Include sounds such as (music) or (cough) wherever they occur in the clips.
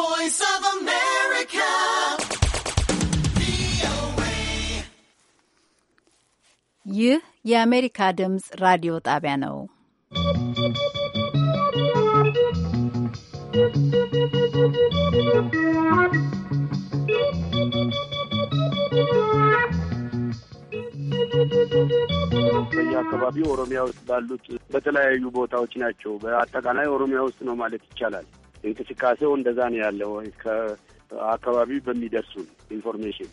voice of America. ይህ የአሜሪካ ድምፅ ራዲዮ ጣቢያ ነው። አካባቢ ኦሮሚያ ውስጥ ባሉት በተለያዩ ቦታዎች ናቸው። በአጠቃላይ ኦሮሚያ ውስጥ ነው ማለት ይቻላል። እንቅስቃሴው እንደዛ ነው ያለው ከአካባቢ በሚደርሱ ኢንፎርሜሽን።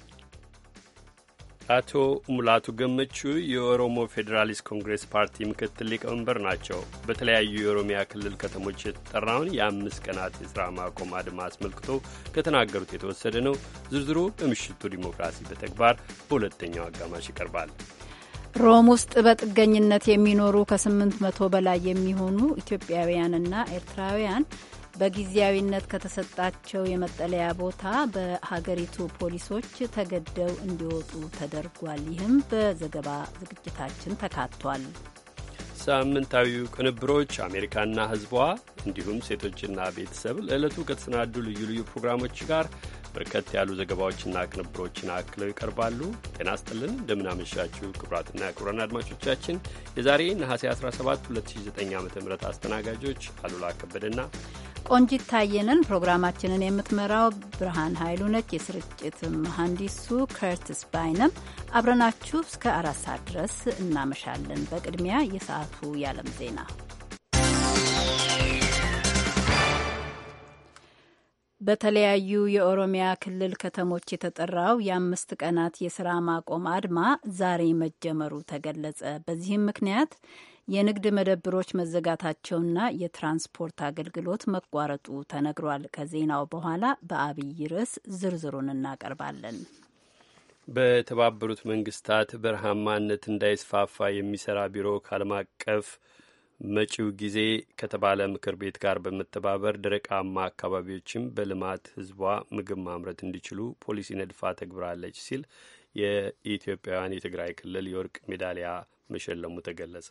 አቶ ሙላቱ ገመቹ የኦሮሞ ፌዴራሊስት ኮንግሬስ ፓርቲ ምክትል ሊቀመንበር ናቸው። በተለያዩ የኦሮሚያ ክልል ከተሞች የተጠራውን የአምስት ቀናት የሥራ ማቆም አድማ አስመልክቶ ከተናገሩት የተወሰደ ነው። ዝርዝሩ በምሽቱ ዲሞክራሲ በተግባር በሁለተኛው አጋማሽ ይቀርባል። ሮም ውስጥ በጥገኝነት የሚኖሩ ከ800 በላይ የሚሆኑ ኢትዮጵያውያንና ኤርትራውያን በጊዜያዊነት ከተሰጣቸው የመጠለያ ቦታ በሀገሪቱ ፖሊሶች ተገደው እንዲወጡ ተደርጓል። ይህም በዘገባ ዝግጅታችን ተካቷል። ሳምንታዊው ቅንብሮች አሜሪካና ሕዝቧ እንዲሁም ሴቶችና ቤተሰብ ለዕለቱ ከተሰናዱ ልዩ ልዩ ፕሮግራሞች ጋር በርከት ያሉ ዘገባዎችና ቅንብሮችን አክለው ይቀርባሉ። ጤና ስጥልን እንደምናመሻችሁ ክቡራትና ክቡራን አድማጮቻችን የዛሬ ነሐሴ 17 2009 ዓ ም አስተናጋጆች አሉላ ከበደና ቆንጂት ታየንን፣ ፕሮግራማችንን የምትመራው ብርሃን ኃይሉ ነች። የስርጭት መሐንዲሱ ከርትስ ባይነም አብረናችሁ እስከ አራት ሰዓት ድረስ እናመሻለን። በቅድሚያ የሰዓቱ የዓለም ዜና በተለያዩ የኦሮሚያ ክልል ከተሞች የተጠራው የአምስት ቀናት የስራ ማቆም አድማ ዛሬ መጀመሩ ተገለጸ። በዚህም ምክንያት የንግድ መደብሮች መዘጋታቸውና የትራንስፖርት አገልግሎት መቋረጡ ተነግሯል። ከዜናው በኋላ በአብይ ርዕስ ዝርዝሩን እናቀርባለን። በተባበሩት መንግስታት በረሃማነት እንዳይስፋፋ የሚሰራ ቢሮ ከዓለም አቀፍ መጪው ጊዜ ከተባለ ምክር ቤት ጋር በመተባበር ደረቃማ አካባቢዎችም በልማት ህዝቧ ምግብ ማምረት እንዲችሉ ፖሊሲ ነድፋ ተግብራለች ሲል የኢትዮጵያውያን የትግራይ ክልል የወርቅ ሜዳሊያ መሸለሙ ተገለጸ።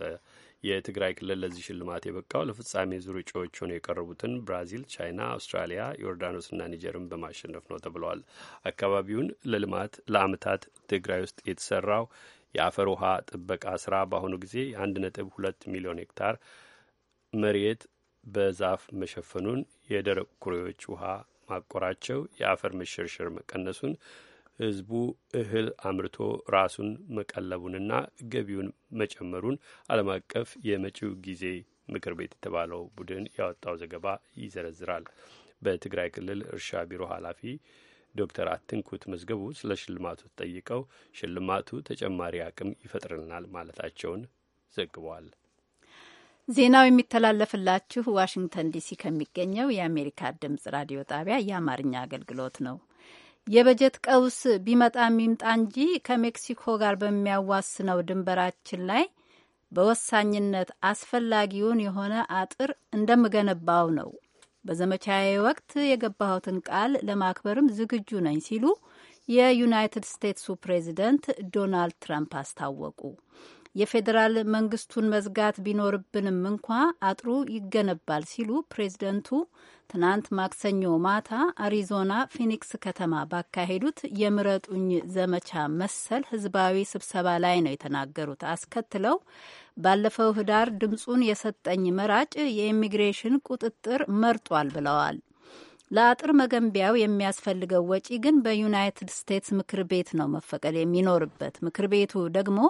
የትግራይ ክልል ለዚህ ሽልማት የበቃው ለፍጻሜ ዙር እጩዎች ሆነው የቀረቡትን ብራዚል፣ ቻይና፣ አውስትራሊያ፣ ዮርዳኖስና ኒጀርን በማሸነፍ ነው ተብለዋል። አካባቢውን ለልማት ለዓመታት ትግራይ ውስጥ የተሰራው የአፈር ውሃ ጥበቃ ስራ በአሁኑ ጊዜ የአንድ ነጥብ ሁለት ሚሊዮን ሄክታር መሬት በዛፍ መሸፈኑን፣ የደረቅ ኩሬዎች ውሃ ማቆራቸው፣ የአፈር መሸርሸር መቀነሱን፣ ህዝቡ እህል አምርቶ ራሱን መቀለቡንና ገቢውን መጨመሩን ዓለም አቀፍ የመጪው ጊዜ ምክር ቤት የተባለው ቡድን ያወጣው ዘገባ ይዘረዝራል። በትግራይ ክልል እርሻ ቢሮ ኃላፊ ዶክተር አትንኩት መዝገቡ ስለ ሽልማቱ ተጠይቀው ሽልማቱ ተጨማሪ አቅም ይፈጥርልናል ማለታቸውን ዘግቧል። ዜናው የሚተላለፍላችሁ ዋሽንግተን ዲሲ ከሚገኘው የአሜሪካ ድምጽ ራዲዮ ጣቢያ የአማርኛ አገልግሎት ነው። የበጀት ቀውስ ቢመጣ ይምጣ እንጂ ከሜክሲኮ ጋር በሚያዋስነው ድንበራችን ላይ በወሳኝነት አስፈላጊውን የሆነ አጥር እንደምገነባው ነው በዘመቻዬ ወቅት የገባሁትን ቃል ለማክበርም ዝግጁ ነኝ ሲሉ የዩናይትድ ስቴትሱ ፕሬዚደንት ዶናልድ ትራምፕ አስታወቁ። የፌዴራል መንግስቱን መዝጋት ቢኖርብንም እንኳ አጥሩ ይገነባል ሲሉ ፕሬዚደንቱ ትናንት ማክሰኞ ማታ አሪዞና ፊኒክስ ከተማ ባካሄዱት የምረጡኝ ዘመቻ መሰል ህዝባዊ ስብሰባ ላይ ነው የተናገሩት። አስከትለው ባለፈው ህዳር ድምፁን የሰጠኝ መራጭ የኢሚግሬሽን ቁጥጥር መርጧል ብለዋል። ለአጥር መገንቢያው የሚያስፈልገው ወጪ ግን በዩናይትድ ስቴትስ ምክር ቤት ነው መፈቀድ የሚኖርበት። ምክር ቤቱ ደግሞ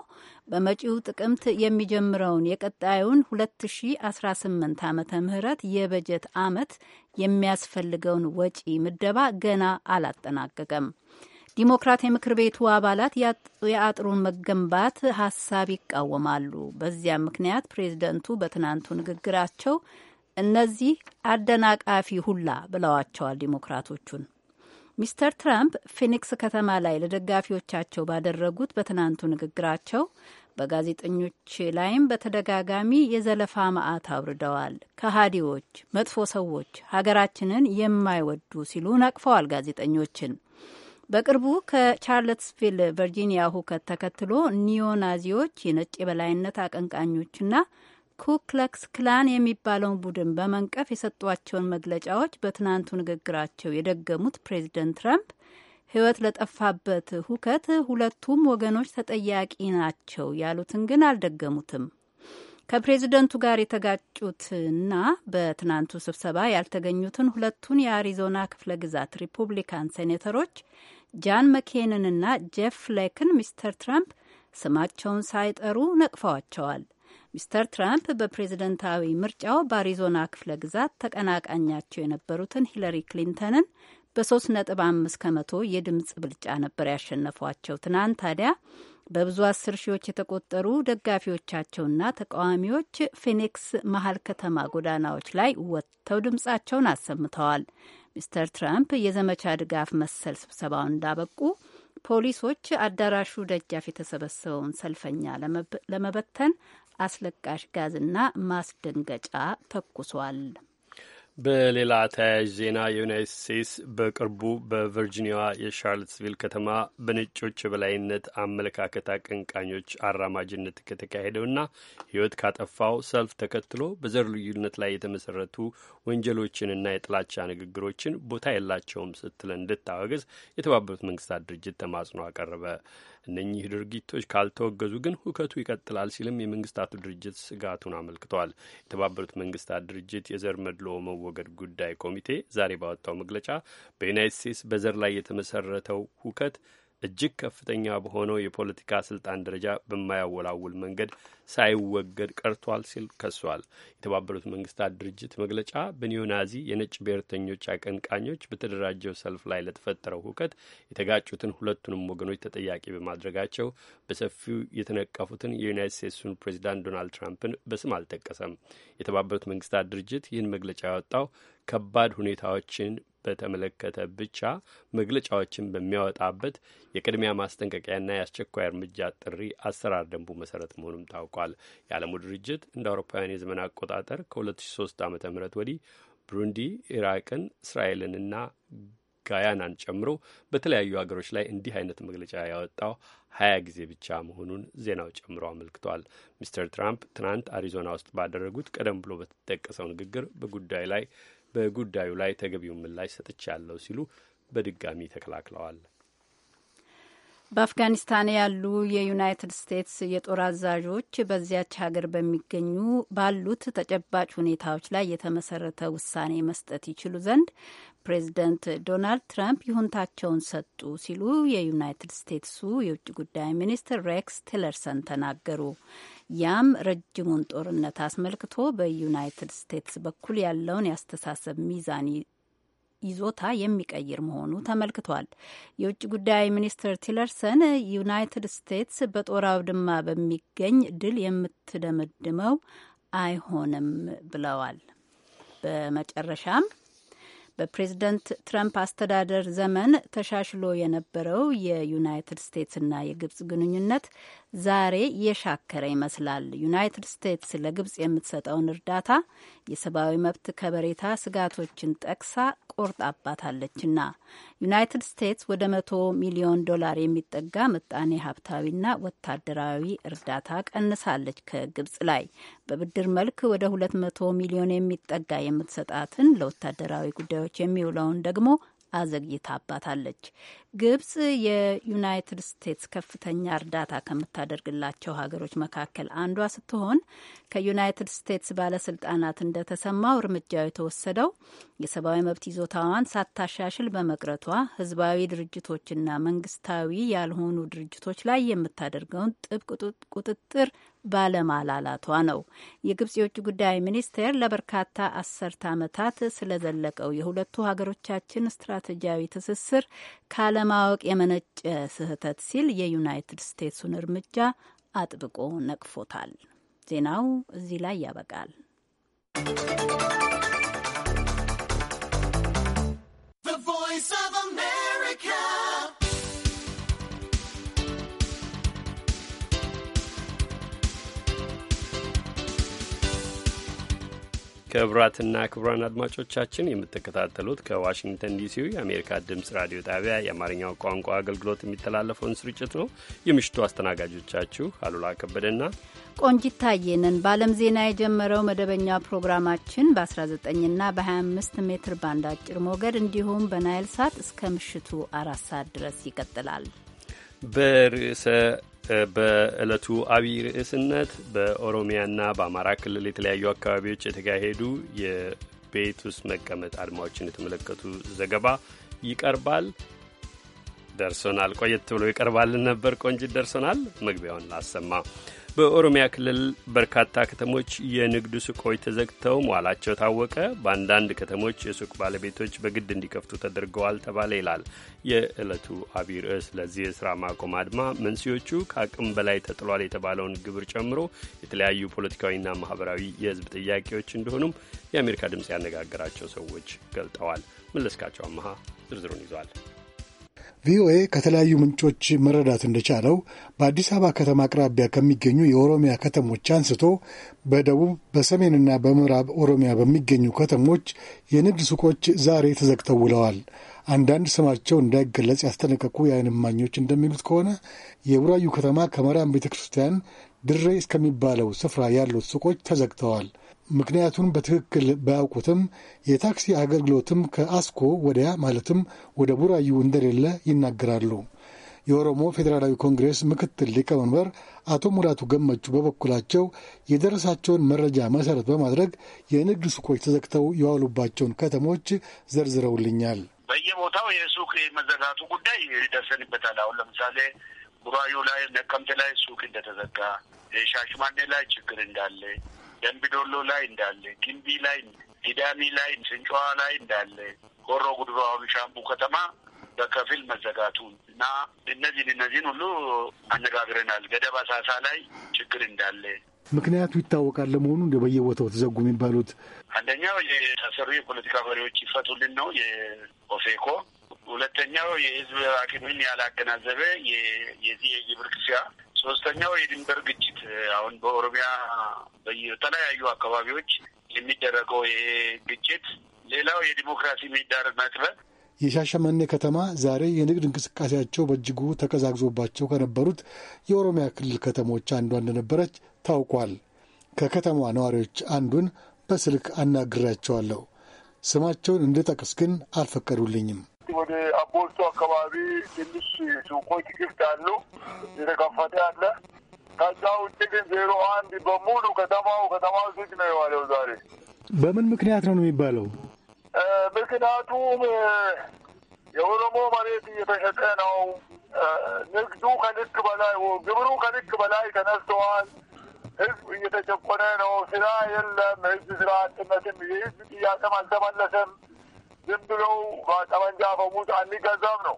በመጪው ጥቅምት የሚጀምረውን የቀጣዩን 2018 ዓመተ ምህረት የበጀት ዓመት የሚያስፈልገውን ወጪ ምደባ ገና አላጠናቀቀም። ዲሞክራት የምክር ቤቱ አባላት የአጥሩን መገንባት ሀሳብ ይቃወማሉ። በዚያም ምክንያት ፕሬዝደንቱ በትናንቱ ንግግራቸው እነዚህ አደናቃፊ ሁላ ብለዋቸዋል ዲሞክራቶቹን። ሚስተር ትራምፕ ፊኒክስ ከተማ ላይ ለደጋፊዎቻቸው ባደረጉት በትናንቱ ንግግራቸው በጋዜጠኞች ላይም በተደጋጋሚ የዘለፋ ማዕት አውርደዋል። ከሃዲዎች፣ መጥፎ ሰዎች፣ ሀገራችንን የማይወዱ ሲሉ ነቅፈዋል ጋዜጠኞችን። በቅርቡ ከቻርለትስቪል ቨርጂኒያ ሁከት ተከትሎ ኒዮናዚዎች የነጭ የበላይነት አቀንቃኞችና ኩክለክስ ክላን የሚባለውን ቡድን በመንቀፍ የሰጧቸውን መግለጫዎች በትናንቱ ንግግራቸው የደገሙት ፕሬዚደንት ትራምፕ ሕይወት ለጠፋበት ሁከት ሁለቱም ወገኖች ተጠያቂ ናቸው ያሉትን ግን አልደገሙትም። ከፕሬዚደንቱ ጋር የተጋጩትና በትናንቱ ስብሰባ ያልተገኙትን ሁለቱን የአሪዞና ክፍለ ግዛት ሪፑብሊካን ሴኔተሮች ጃን መኬንንና ጄፍ ፍሌክን ሚስተር ትራምፕ ስማቸውን ሳይጠሩ ነቅፈዋቸዋል። ሚስተር ትራምፕ በፕሬዝደንታዊ ምርጫው በአሪዞና ክፍለ ግዛት ተቀናቃኛቸው የነበሩትን ሂለሪ ክሊንተንን በ ነጥብ አምስት ከመቶ የድምፅ ብልጫ ነበር ያሸነፏቸው። ትናንት ታዲያ በብዙ አስር ሺዎች የተቆጠሩ ደጋፊዎቻቸውና ተቃዋሚዎች ፊኒክስ መሀል ከተማ ጎዳናዎች ላይ ወጥተው ድምፃቸውን አሰምተዋል። ሚስተር ትራምፕ የዘመቻ ድጋፍ መሰል ስብሰባውን እንዳበቁ ፖሊሶች አዳራሹ ደጃፍ የተሰበሰበውን ሰልፈኛ ለመበተን አስለቃሽ ጋዝና ማስደንገጫ ተኩሷል። በሌላ ተያያዥ ዜና የዩናይትድ ስቴትስ በቅርቡ በቨርጂኒያ የሻርልትስቪል ከተማ በነጮች የበላይነት አመለካከት አቀንቃኞች አራማጅነት ከተካሄደውና ሕይወት ካጠፋው ሰልፍ ተከትሎ በዘር ልዩነት ላይ የተመሰረቱ ወንጀሎችንና የጥላቻ ንግግሮችን ቦታ የላቸውም ስትል እንድታወግዝ የተባበሩት መንግስታት ድርጅት ተማጽኖ አቀረበ። እነኚህ ድርጊቶች ካልተወገዙ ግን ሁከቱ ይቀጥላል ሲልም የመንግስታቱ ድርጅት ስጋቱን አመልክተዋል። የተባበሩት መንግስታት ድርጅት የዘር መድሎ መወገድ ጉዳይ ኮሚቴ ዛሬ ባወጣው መግለጫ በዩናይት ስቴትስ በዘር ላይ የተመሰረተው ሁከት እጅግ ከፍተኛ በሆነው የፖለቲካ ስልጣን ደረጃ በማያወላውል መንገድ ሳይወገድ ቀርቷል ሲል ከሷል። የተባበሩት መንግስታት ድርጅት መግለጫ በኒዮናዚ የነጭ ብሔርተኞች አቀንቃኞች በተደራጀው ሰልፍ ላይ ለተፈጠረው ሁከት የተጋጩትን ሁለቱንም ወገኖች ተጠያቂ በማድረጋቸው በሰፊው የተነቀፉትን የዩናይት ስቴትሱን ፕሬዚዳንት ዶናልድ ትራምፕን በስም አልጠቀሰም። የተባበሩት መንግስታት ድርጅት ይህን መግለጫ ያወጣው ከባድ ሁኔታዎችን በተመለከተ ብቻ መግለጫዎችን በሚያወጣበት የቅድሚያ ማስጠንቀቂያና የአስቸኳይ እርምጃ ጥሪ አሰራር ደንቡ መሰረት መሆኑም ታውቋል። የዓለሙ ድርጅት እንደ አውሮፓውያን የዘመን አቆጣጠር ከ2003 ዓ ም ወዲህ ብሩንዲ፣ ኢራቅን፣ እስራኤልንና ጋያናን ጨምሮ በተለያዩ ሀገሮች ላይ እንዲህ አይነት መግለጫ ያወጣው ሀያ ጊዜ ብቻ መሆኑን ዜናው ጨምሮ አመልክቷል። ሚስተር ትራምፕ ትናንት አሪዞና ውስጥ ባደረጉት ቀደም ብሎ በተጠቀሰው ንግግር በጉዳዩ ላይ በጉዳዩ ላይ ተገቢውን ምላሽ ሰጥቻለሁ ሲሉ በድጋሚ ተከላክለዋል። በአፍጋኒስታን ያሉ የዩናይትድ ስቴትስ የጦር አዛዦች በዚያች ሀገር በሚገኙ ባሉት ተጨባጭ ሁኔታዎች ላይ የተመሰረተ ውሳኔ መስጠት ይችሉ ዘንድ ፕሬዚደንት ዶናልድ ትራምፕ ይሁንታቸውን ሰጡ ሲሉ የዩናይትድ ስቴትሱ የውጭ ጉዳይ ሚኒስትር ሬክስ ቲለርሰን ተናገሩ። ያም ረጅሙን ጦርነት አስመልክቶ በዩናይትድ ስቴትስ በኩል ያለውን የአስተሳሰብ ሚዛን ይዞታ የሚቀይር መሆኑ ተመልክቷል። የውጭ ጉዳይ ሚኒስትር ቲለርሰን ዩናይትድ ስቴትስ በጦር አውድማ በሚገኝ ድል የምትደመድመው አይሆንም ብለዋል። በመጨረሻም በፕሬዝደንት ትረምፕ አስተዳደር ዘመን ተሻሽሎ የነበረው የዩናይትድ ስቴትስና የግብጽ ግንኙነት ዛሬ የሻከረ ይመስላል። ዩናይትድ ስቴትስ ለግብጽ የምትሰጠውን እርዳታ የሰብአዊ መብት ከበሬታ ስጋቶችን ጠቅሳ ቆርጣባታለችና ዩናይትድ ስቴትስ ወደ መቶ ሚሊዮን ዶላር የሚጠጋ ምጣኔ ሀብታዊና ወታደራዊ እርዳታ ቀንሳለች ከግብጽ ላይ በብድር መልክ ወደ ሁለት መቶ ሚሊዮን የሚጠጋ የምትሰጣትን ለወታደራዊ ጉዳዮች የሚውለውን ደግሞ አዘግይታባታለች። ግብጽ የዩናይትድ ስቴትስ ከፍተኛ እርዳታ ከምታደርግላቸው ሀገሮች መካከል አንዷ ስትሆን ከዩናይትድ ስቴትስ ባለስልጣናት እንደተሰማው እርምጃው የተወሰደው የሰብአዊ መብት ይዞታዋን ሳታሻሽል በመቅረቷ ህዝባዊ ድርጅቶችና መንግስታዊ ያልሆኑ ድርጅቶች ላይ የምታደርገውን ጥብቅ ቁጥጥር ባለማላላቷ ነው። የግብጽ የውጭ ጉዳይ ሚኒስቴር ለበርካታ አስርተ ዓመታት ስለዘለቀው የሁለቱ ሀገሮቻችን ስትራቴጂያዊ ትስስር ካለማወቅ የመነጨ ስህተት ሲል የዩናይትድ ስቴትሱን እርምጃ አጥብቆ ነቅፎታል። ዜናው እዚህ ላይ ያበቃል። ክቡራትና ክቡራን አድማጮቻችን የምትከታተሉት ከዋሽንግተን ዲሲ የአሜሪካ ድምፅ ራዲዮ ጣቢያ የአማርኛው ቋንቋ አገልግሎት የሚተላለፈውን ስርጭት ነው። የምሽቱ አስተናጋጆቻችሁ አሉላ ከበደና ቆንጂት ታየ በዓለም ዜና የጀመረው መደበኛ ፕሮግራማችን በ19ና በ25 ሜትር ባንድ አጭር ሞገድ እንዲሁም በናይል ሳት እስከ ምሽቱ አራት ሰዓት ድረስ ይቀጥላል። በርዕሰ በዕለቱ አብይ ርዕስነት በኦሮሚያና በአማራ ክልል የተለያዩ አካባቢዎች የተካሄዱ የቤት ውስጥ መቀመጥ አድማዎችን የተመለከቱ ዘገባ ይቀርባል። ደርሶናል። ቆየት ብሎ ይቀርባልን ነበር ቆንጅት ደርሶናል። መግቢያውን ላሰማ በኦሮሚያ ክልል በርካታ ከተሞች የንግድ ሱቆች ተዘግተው መዋላቸው ታወቀ። በአንዳንድ ከተሞች የሱቅ ባለቤቶች በግድ እንዲከፍቱ ተደርገዋል ተባለ ይላል የዕለቱ አብይ ርዕስ። ለዚህ የስራ ማቆም አድማ መንስኤዎቹ ከአቅም በላይ ተጥሏል የተባለውን ግብር ጨምሮ የተለያዩ ፖለቲካዊና ማህበራዊ የህዝብ ጥያቄዎች እንደሆኑም የአሜሪካ ድምፅ ያነጋገራቸው ሰዎች ገልጠዋል። መለስካቸው አመሃ ዝርዝሩን ይዟል። ቪኦኤ ከተለያዩ ምንጮች መረዳት እንደቻለው በአዲስ አበባ ከተማ አቅራቢያ ከሚገኙ የኦሮሚያ ከተሞች አንስቶ በደቡብ በሰሜንና በምዕራብ ኦሮሚያ በሚገኙ ከተሞች የንግድ ሱቆች ዛሬ ተዘግተው ውለዋል። አንዳንድ ስማቸው እንዳይገለጽ ያስጠነቀቁ የዓይን እማኞች እንደሚሉት ከሆነ የቡራዩ ከተማ ከማርያም ቤተ ክርስቲያን ድሬ እስከሚባለው ስፍራ ያሉት ሱቆች ተዘግተዋል። ምክንያቱን በትክክል ባያውቁትም የታክሲ አገልግሎትም ከአስኮ ወዲያ ማለትም ወደ ቡራዩ እንደሌለ ይናገራሉ። የኦሮሞ ፌዴራላዊ ኮንግሬስ ምክትል ሊቀመንበር አቶ ሙላቱ ገመቹ በበኩላቸው የደረሳቸውን መረጃ መሰረት በማድረግ የንግድ ሱቆች ተዘግተው የዋሉባቸውን ከተሞች ዘርዝረውልኛል። በየቦታው የሱቅ መዘጋቱ ጉዳይ ይደርሰንበታል። አሁን ለምሳሌ ቡራዩ ላይ፣ ነቀምት ላይ ሱቅ እንደተዘጋ፣ ሻሽማኔ ላይ ችግር እንዳለ ደንቢዶሎ ላይ እንዳለ፣ ግንቢ ላይ፣ ጊዳሚ ላይ፣ ስንጫዋ ላይ እንዳለ፣ ሆሮ ጉድሩ ሻምቡ ከተማ በከፊል መዘጋቱን እና እነዚህን እነዚህን ሁሉ አነጋግረናል። ገደብ አሳሳ ላይ ችግር እንዳለ ምክንያቱ ይታወቃል። ለመሆኑ እንደ በየቦታው ተዘጉ የሚባሉት አንደኛው የታሰሩ የፖለቲካ መሪዎች ይፈቱልን ነው የኦፌኮ። ሁለተኛው የህዝብ ሐኪምን ያላገናዘበ የዚህ የግብር ክፍያ ሶስተኛው የድንበር ግጭት አሁን በኦሮሚያ በተለያዩ አካባቢዎች የሚደረገው ይሄ ግጭት፣ ሌላው የዲሞክራሲ ምህዳር መጥበት። የሻሸመኔ ከተማ ዛሬ የንግድ እንቅስቃሴያቸው በእጅጉ ተቀዛግዞባቸው ከነበሩት የኦሮሚያ ክልል ከተሞች አንዷ እንደነበረች ታውቋል። ከከተማዋ ነዋሪዎች አንዱን በስልክ አናግራቸዋለሁ። ስማቸውን እንድጠቅስ ግን አልፈቀዱልኝም። ወደ አቦልቶ አካባቢ ትንሽ ሱቆች ግፍት አሉ፣ የተከፈተ አለ። ከዛ ውጭ ግን ዜሮ አንድ በሙሉ ከተማው ከተማው ዝግ ነው የዋለው ዛሬ። በምን ምክንያት ነው የሚባለው? ምክንያቱም የኦሮሞ መሬት እየተሸጠ ነው። ንግዱ ከልክ በላይ ግብሩ ከልክ በላይ ተነስተዋል። ህዝብ እየተጨቆነ ነው። ስራ የለም። ህዝብ ስራ አጥነትም የህዝብ ጥያቄም አልተመለሰም። ዝም ብለው ጠመንጃ በሙት አንገዛም ነው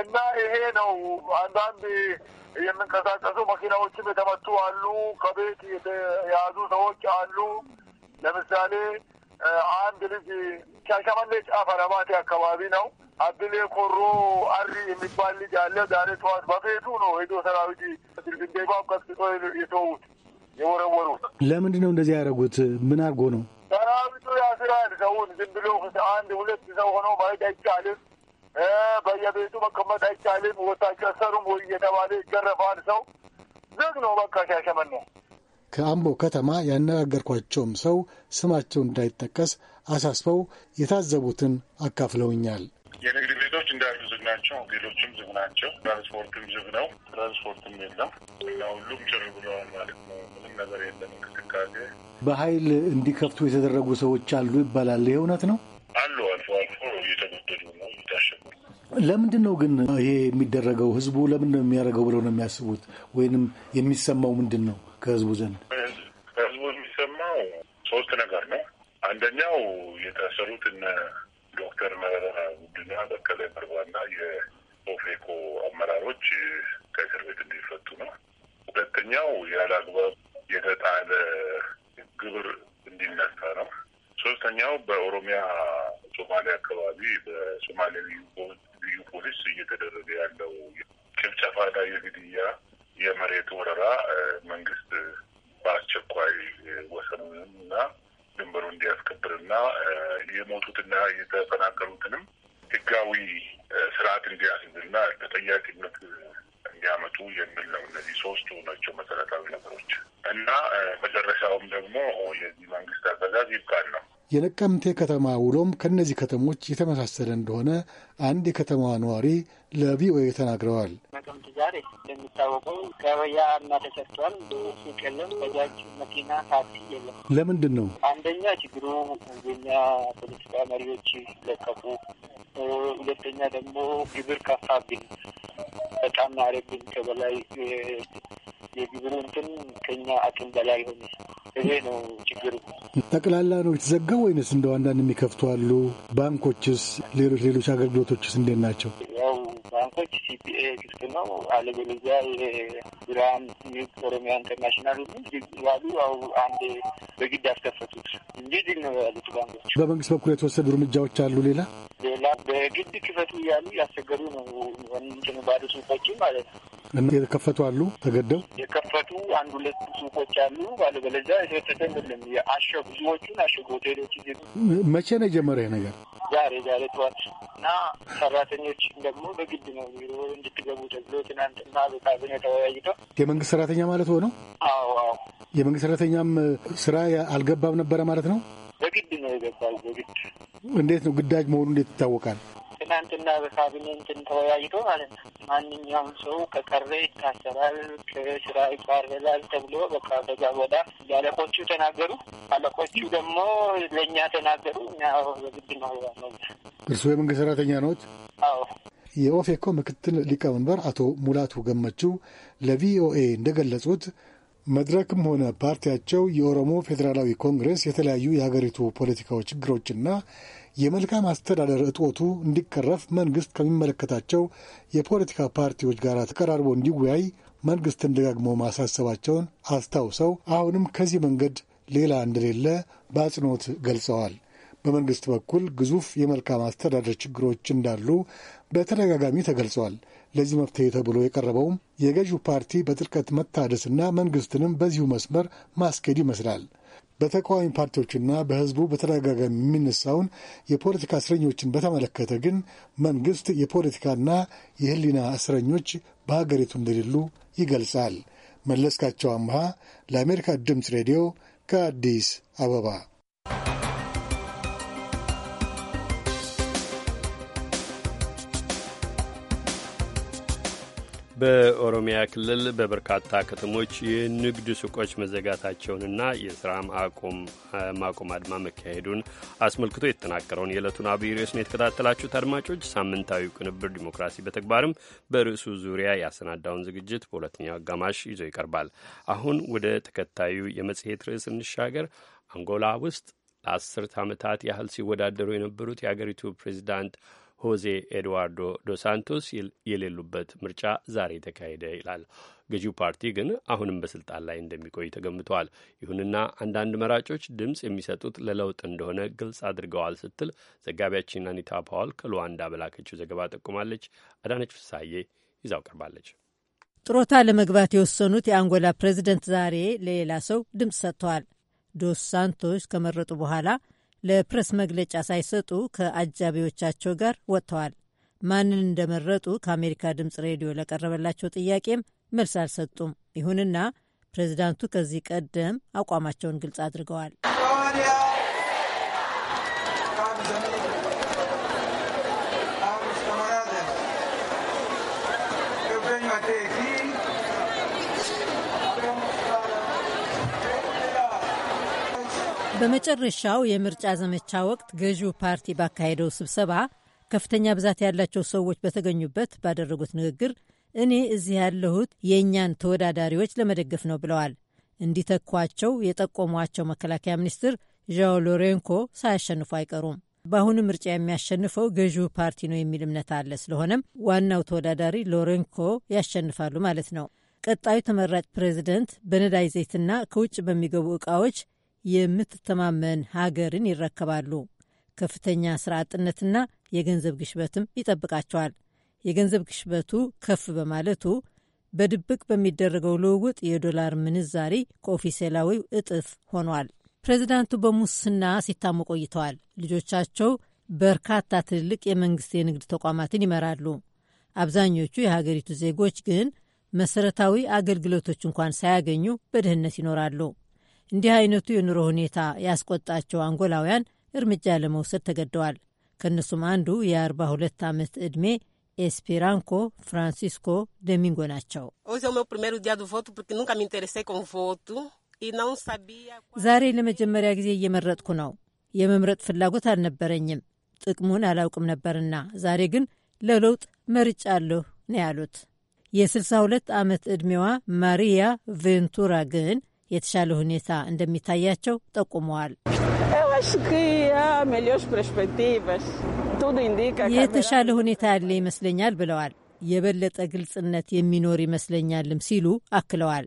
እና ይሄ ነው። አንዳንድ የምንቀሳቀሱ መኪናዎችም የተመቱ አሉ፣ ከቤት የተያዙ ሰዎች አሉ። ለምሳሌ አንድ ልጅ ሻሸመኔ ጫፍ አለማቴ አካባቢ ነው አብሌ ኮሮ አሪ የሚባል ልጅ አለ። ዛሬ ጠዋት በቤቱ ነው ሄዶ ሰራዊት ድርግንዴባ ቀጥቅጦ የተውት የወረወሩት። ለምንድን ነው እንደዚህ ያደረጉት? ምን አድርጎ ነው? ሰራዊቱ ያስራል። ሰውን ዝም ብሎ አንድ ሁለት ሰው ሆኖ ማየት አይቻልም። በየቤቱ መቀመጥ አይቻልም። ወታቸው ሰሩም ወይ እየተባለ ይገረፋል። ሰው ዝግ ነው በቃ ሻሸመኔ ነው። ከአምቦ ከተማ ያነጋገርኳቸውም ሰው ስማቸው እንዳይጠቀስ አሳስበው የታዘቡትን አካፍለውኛል። የንግድ ቤቶች እንዳሉ ዝግ ናቸው። ሆቴሎችም ዝግ ናቸው። ትራንስፖርትም ዝግ ነው። ትራንስፖርትም የለም እና ሁሉም ጭር ብለዋል ማለት ነው። ነገር የለም እንቅስቃሴ። በኃይል እንዲከፍቱ የተደረጉ ሰዎች አሉ ይባላል። ይህ እውነት ነው? አሉ አልፎ አልፎ እየተገደዱ ነው እየታሸጉ ለምንድን ነው ግን ይሄ የሚደረገው? ህዝቡ ለምንድ ነው የሚያደርገው ብለው ነው የሚያስቡት? ወይንም የሚሰማው ምንድን ነው ከህዝቡ ዘንድ? ከህዝቡ የሚሰማው ሶስት ነገር ነው። አንደኛው የታሰሩት እነ ዶክተር መረራ ጉዲና፣ በቀለ ገርባና የኦፌኮ አመራሮች ከእስር ቤት እንዲፈቱ ነው። ሁለተኛው ያለ አግባብ የተጣለ ግብር እንዲነሳ ነው። ሶስተኛው በኦሮሚያ ሶማሌ አካባቢ በሶማሌ ልዩ ፖሊስ እየተደረገ ያለው ጭፍጨፋ ላይ የግድያ የመሬት ወረራ መንግስት በአስቸኳይ ወሰኑንም እና ድንበሩ እንዲያስከብርና የሞቱትና የተፈናቀሉትንም ህጋዊ ስርዓት እንዲያስይዝና ተጠያቂነት እንዲያመጡ የሚል ነው። እነዚህ ሶስቱ ናቸው መሰረታዊ ነገሮች እና መጨረሻውም ደግሞ የዚህ መንግስት አገዛዝ ይብቃል ነው። የነቀምቴ ከተማ ውሎም ከእነዚህ ከተሞች የተመሳሰለ እንደሆነ አንድ የከተማዋ ነዋሪ ለቪኦኤ ተናግረዋል። ነቀምቴ ዛሬ እንደሚታወቀው ገበያ እና ተሰጥቷል። ሲቅልም በጃጅ መኪና፣ ታክሲ የለም። ለምንድን ነው? አንደኛ ችግሩ የኛ ፖለቲካ መሪዎች ለቀቁ፣ ሁለተኛ ደግሞ ግብር ከፋብን በጣም አረግን ከበላይ የግብሩ እንትን ከኛ አቅም በላይ ሆነ። ይሄ ነው ችግሩ። ጠቅላላ ነው የተዘጋው ወይንስ እንደው አንዳንድ የሚከፍቱ አሉ? ባንኮችስ፣ ሌሎች ሌሎች አገልግሎቶችስ እንዴት ናቸው? ያው ባንኮች ሲፒኤ ክፍት ነው። አለበለዚያ ብርሃን ኒውክ ኦሮሚያ ኢንተርናሽናል ዋሉ ያው አንድ በግድ ያስከፈቱት እንጂ ድል ነው ያሉት ባንኮች። በመንግስት በኩል የተወሰዱ እርምጃዎች አሉ? ሌላ ሌላ በግድ ክፈቱ እያሉ ያስቸገሩ ነው ባዶ ሱቆ ሱቆችን ማለት ነው። የተከፈቱ አሉ ተገደው የከፈቱ አንድ ሁለት ሱቆች አሉ። ባለበለዚያ የተወሰደ የለም። የአሸጉ ብዙዎቹን አሸጉ ሆቴሎች መቼ ነው የጀመረ ነገር? ዛሬ ዛሬ ጠዋት እና ሰራተኞችን ደግሞ በግድ ነው ቢሮ እንድትገቡ ተብሎ ትናንትና በካቢኔ ተወያይተው የመንግስት ሰራተኛ ማለት ሆነው። አዎ አዎ፣ የመንግስት ሰራተኛም ስራ አልገባም ነበረ ማለት ነው። በግድ ነው የገባው። በግድ እንዴት ነው ግዳጅ መሆኑ እንዴት ይታወቃል? ትናንትና በካቢኔትን እንትን ተወያይቶ ማለት ነው ማንኛውም ሰው ከቀረ ይታሰራል፣ ከስራ ይባረራል ተብሎ በቃ በዛ ወዳ ያለቆቹ ተናገሩ። አለቆቹ ደግሞ ለእኛ ተናገሩ። እኛ በግድ ነው ነው። እርስዎ የመንግስት ሰራተኛ ነዎት? አዎ። የኦፌኮ ምክትል ሊቀመንበር አቶ ሙላቱ ገመችው ለቪኦኤ እንደገለጹት መድረክም ሆነ ፓርቲያቸው የኦሮሞ ፌዴራላዊ ኮንግሬስ የተለያዩ የሀገሪቱ ፖለቲካዊ ችግሮችና የመልካም አስተዳደር እጦቱ እንዲቀረፍ መንግስት ከሚመለከታቸው የፖለቲካ ፓርቲዎች ጋር ተቀራርቦ እንዲወያይ መንግስትን ደጋግሞ ማሳሰባቸውን አስታውሰው አሁንም ከዚህ መንገድ ሌላ እንደሌለ በአጽንኦት ገልጸዋል። በመንግስት በኩል ግዙፍ የመልካም አስተዳደር ችግሮች እንዳሉ በተደጋጋሚ ተገልጿል። ለዚህ መፍትሄ ተብሎ የቀረበውም የገዢው ፓርቲ በጥልቀት መታደስና መንግስትንም በዚሁ መስመር ማስኬድ ይመስላል። በተቃዋሚ ፓርቲዎችና በህዝቡ በተደጋጋሚ የሚነሳውን የፖለቲካ እስረኞችን በተመለከተ ግን መንግስት የፖለቲካና የህሊና እስረኞች በሀገሪቱ እንደሌሉ ይገልጻል። መለስካቸው አምሃ ለአሜሪካ ድምፅ ሬዲዮ ከአዲስ አበባ በኦሮሚያ ክልል በበርካታ ከተሞች የንግድ ሱቆች መዘጋታቸውንና የስራ ማቆም አድማ መካሄዱን አስመልክቶ የተጠናቀረውን የዕለቱን አብይ ርዕስ ነው የተከታተላችሁት። አድማጮች ሳምንታዊ ቅንብር ዲሞክራሲ በተግባርም በርዕሱ ዙሪያ ያሰናዳውን ዝግጅት በሁለተኛው አጋማሽ ይዞ ይቀርባል። አሁን ወደ ተከታዩ የመጽሔት ርዕስ እንሻገር። አንጎላ ውስጥ ለአስርት ዓመታት ያህል ሲወዳደሩ የነበሩት የአገሪቱ ፕሬዚዳንት ሆዜ ኤድዋርዶ ዶሳንቶስ የሌሉበት ምርጫ ዛሬ ተካሄደ ይላል። ገዢው ፓርቲ ግን አሁንም በስልጣን ላይ እንደሚቆይ ተገምቷል። ይሁንና አንዳንድ መራጮች ድምፅ የሚሰጡት ለለውጥ እንደሆነ ግልጽ አድርገዋል ስትል ዘጋቢያችን አኒታ ፓዋል ከሉዋንዳ በላከችው ዘገባ ጠቁማለች። አዳነች ፍሳዬ ይዛው ቀርባለች። ጥሮታ ለመግባት የወሰኑት የአንጎላ ፕሬዚደንት ዛሬ ለሌላ ሰው ድምፅ ሰጥተዋል። ዶስ ሳንቶስ ከመረጡ በኋላ ለፕሬስ መግለጫ ሳይሰጡ ከአጃቢዎቻቸው ጋር ወጥተዋል። ማንን እንደመረጡ ከአሜሪካ ድምፅ ሬዲዮ ለቀረበላቸው ጥያቄም መልስ አልሰጡም። ይሁንና ፕሬዚዳንቱ ከዚህ ቀደም አቋማቸውን ግልጽ አድርገዋል። Thank you. በመጨረሻው የምርጫ ዘመቻ ወቅት ገዢው ፓርቲ ባካሄደው ስብሰባ ከፍተኛ ብዛት ያላቸው ሰዎች በተገኙበት ባደረጉት ንግግር እኔ እዚህ ያለሁት የእኛን ተወዳዳሪዎች ለመደገፍ ነው ብለዋል። እንዲተኳቸው የጠቆሟቸው መከላከያ ሚኒስትር ዣው ሎሬንኮ ሳያሸንፉ አይቀሩም። በአሁኑ ምርጫ የሚያሸንፈው ገዢው ፓርቲ ነው የሚል እምነት አለ። ስለሆነም ዋናው ተወዳዳሪ ሎሬንኮ ያሸንፋሉ ማለት ነው። ቀጣዩ ተመራጭ ፕሬዚደንት በነዳጅ ዘይትና ከውጭ በሚገቡ ዕቃዎች የምትተማመን ሀገርን ይረከባሉ። ከፍተኛ ስራ አጥነትና የገንዘብ ግሽበትም ይጠብቃቸዋል። የገንዘብ ግሽበቱ ከፍ በማለቱ በድብቅ በሚደረገው ልውውጥ የዶላር ምንዛሪ ከኦፊሴላዊው እጥፍ ሆኗል። ፕሬዚዳንቱ በሙስና ሲታሙ ቆይተዋል። ልጆቻቸው በርካታ ትልልቅ የመንግስት የንግድ ተቋማትን ይመራሉ። አብዛኞቹ የሀገሪቱ ዜጎች ግን መሰረታዊ አገልግሎቶች እንኳን ሳያገኙ በድህነት ይኖራሉ። እንዲህ አይነቱ የኑሮ ሁኔታ ያስቆጣቸው አንጎላውያን እርምጃ ለመውሰድ ተገደዋል። ከእነሱም አንዱ የ42 ዓመት ዕድሜ ኤስፔራንኮ ፍራንሲስኮ ደሚንጎ ናቸው። e ዛሬ ለመጀመሪያ ጊዜ እየመረጥኩ ነው። የመምረጥ ፍላጎት አልነበረኝም፣ ጥቅሙን አላውቅም ነበርና፣ ዛሬ ግን ለለውጥ መርጫለሁ ነው ያሉት። የ62 ዓመት ዕድሜዋ ማሪያ ቬንቱራ ግን የተሻለ ሁኔታ እንደሚታያቸው ጠቁመዋል። የተሻለ ሁኔታ ያለ ይመስለኛል ብለዋል። የበለጠ ግልጽነት የሚኖር ይመስለኛልም ሲሉ አክለዋል።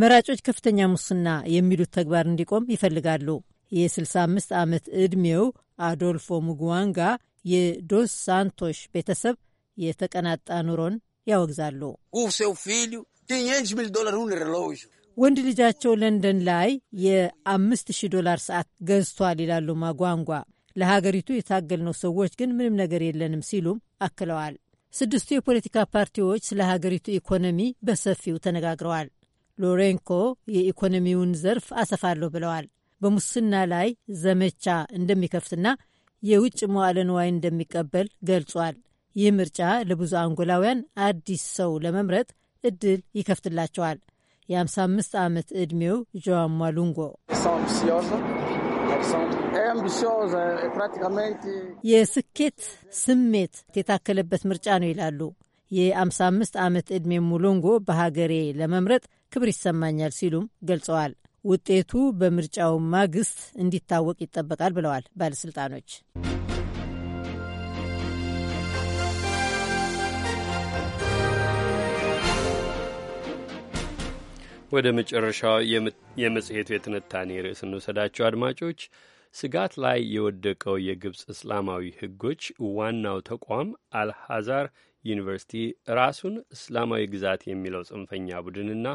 መራጮች ከፍተኛ ሙስና የሚሉት ተግባር እንዲቆም ይፈልጋሉ። የ65 ዓመት ዕድሜው አዶልፎ ሙጉዋንጋ የዶስ ሳንቶሽ ቤተሰብ የተቀናጣ ኑሮን ያወግዛሉ። ወንድ ልጃቸው ለንደን ላይ የ5000 ዶላር ሰዓት ገዝቷል ይላሉ ማጓንጓ። ለሀገሪቱ የታገልነው ሰዎች ግን ምንም ነገር የለንም ሲሉም አክለዋል። ስድስቱ የፖለቲካ ፓርቲዎች ስለ ሀገሪቱ ኢኮኖሚ በሰፊው ተነጋግረዋል። ሎሬንኮ የኢኮኖሚውን ዘርፍ አሰፋለሁ ብለዋል። በሙስና ላይ ዘመቻ እንደሚከፍትና የውጭ መዋለ ንዋይ እንደሚቀበል ገልጿል። ይህ ምርጫ ለብዙ አንጎላውያን አዲስ ሰው ለመምረጥ እድል ይከፍትላቸዋል። የ55 ዓመት ዕድሜው ጆዋ ማሉንጎ የስኬት ስሜት የታከለበት ምርጫ ነው ይላሉ። የ55 ዓመት ዕድሜ ሙሉንጎ በሀገሬ ለመምረጥ ክብር ይሰማኛል ሲሉም ገልጸዋል። ውጤቱ በምርጫው ማግስት እንዲታወቅ ይጠበቃል ብለዋል ባለሥልጣኖች። ወደ መጨረሻው የመጽሔቱ የትንታኔ ርዕስ እንውሰዳቸው አድማጮች። ስጋት ላይ የወደቀው የግብፅ እስላማዊ ህጎች ዋናው ተቋም አልሐዛር ዩኒቨርሲቲ ራሱን እስላማዊ ግዛት የሚለው ጽንፈኛ ቡድንና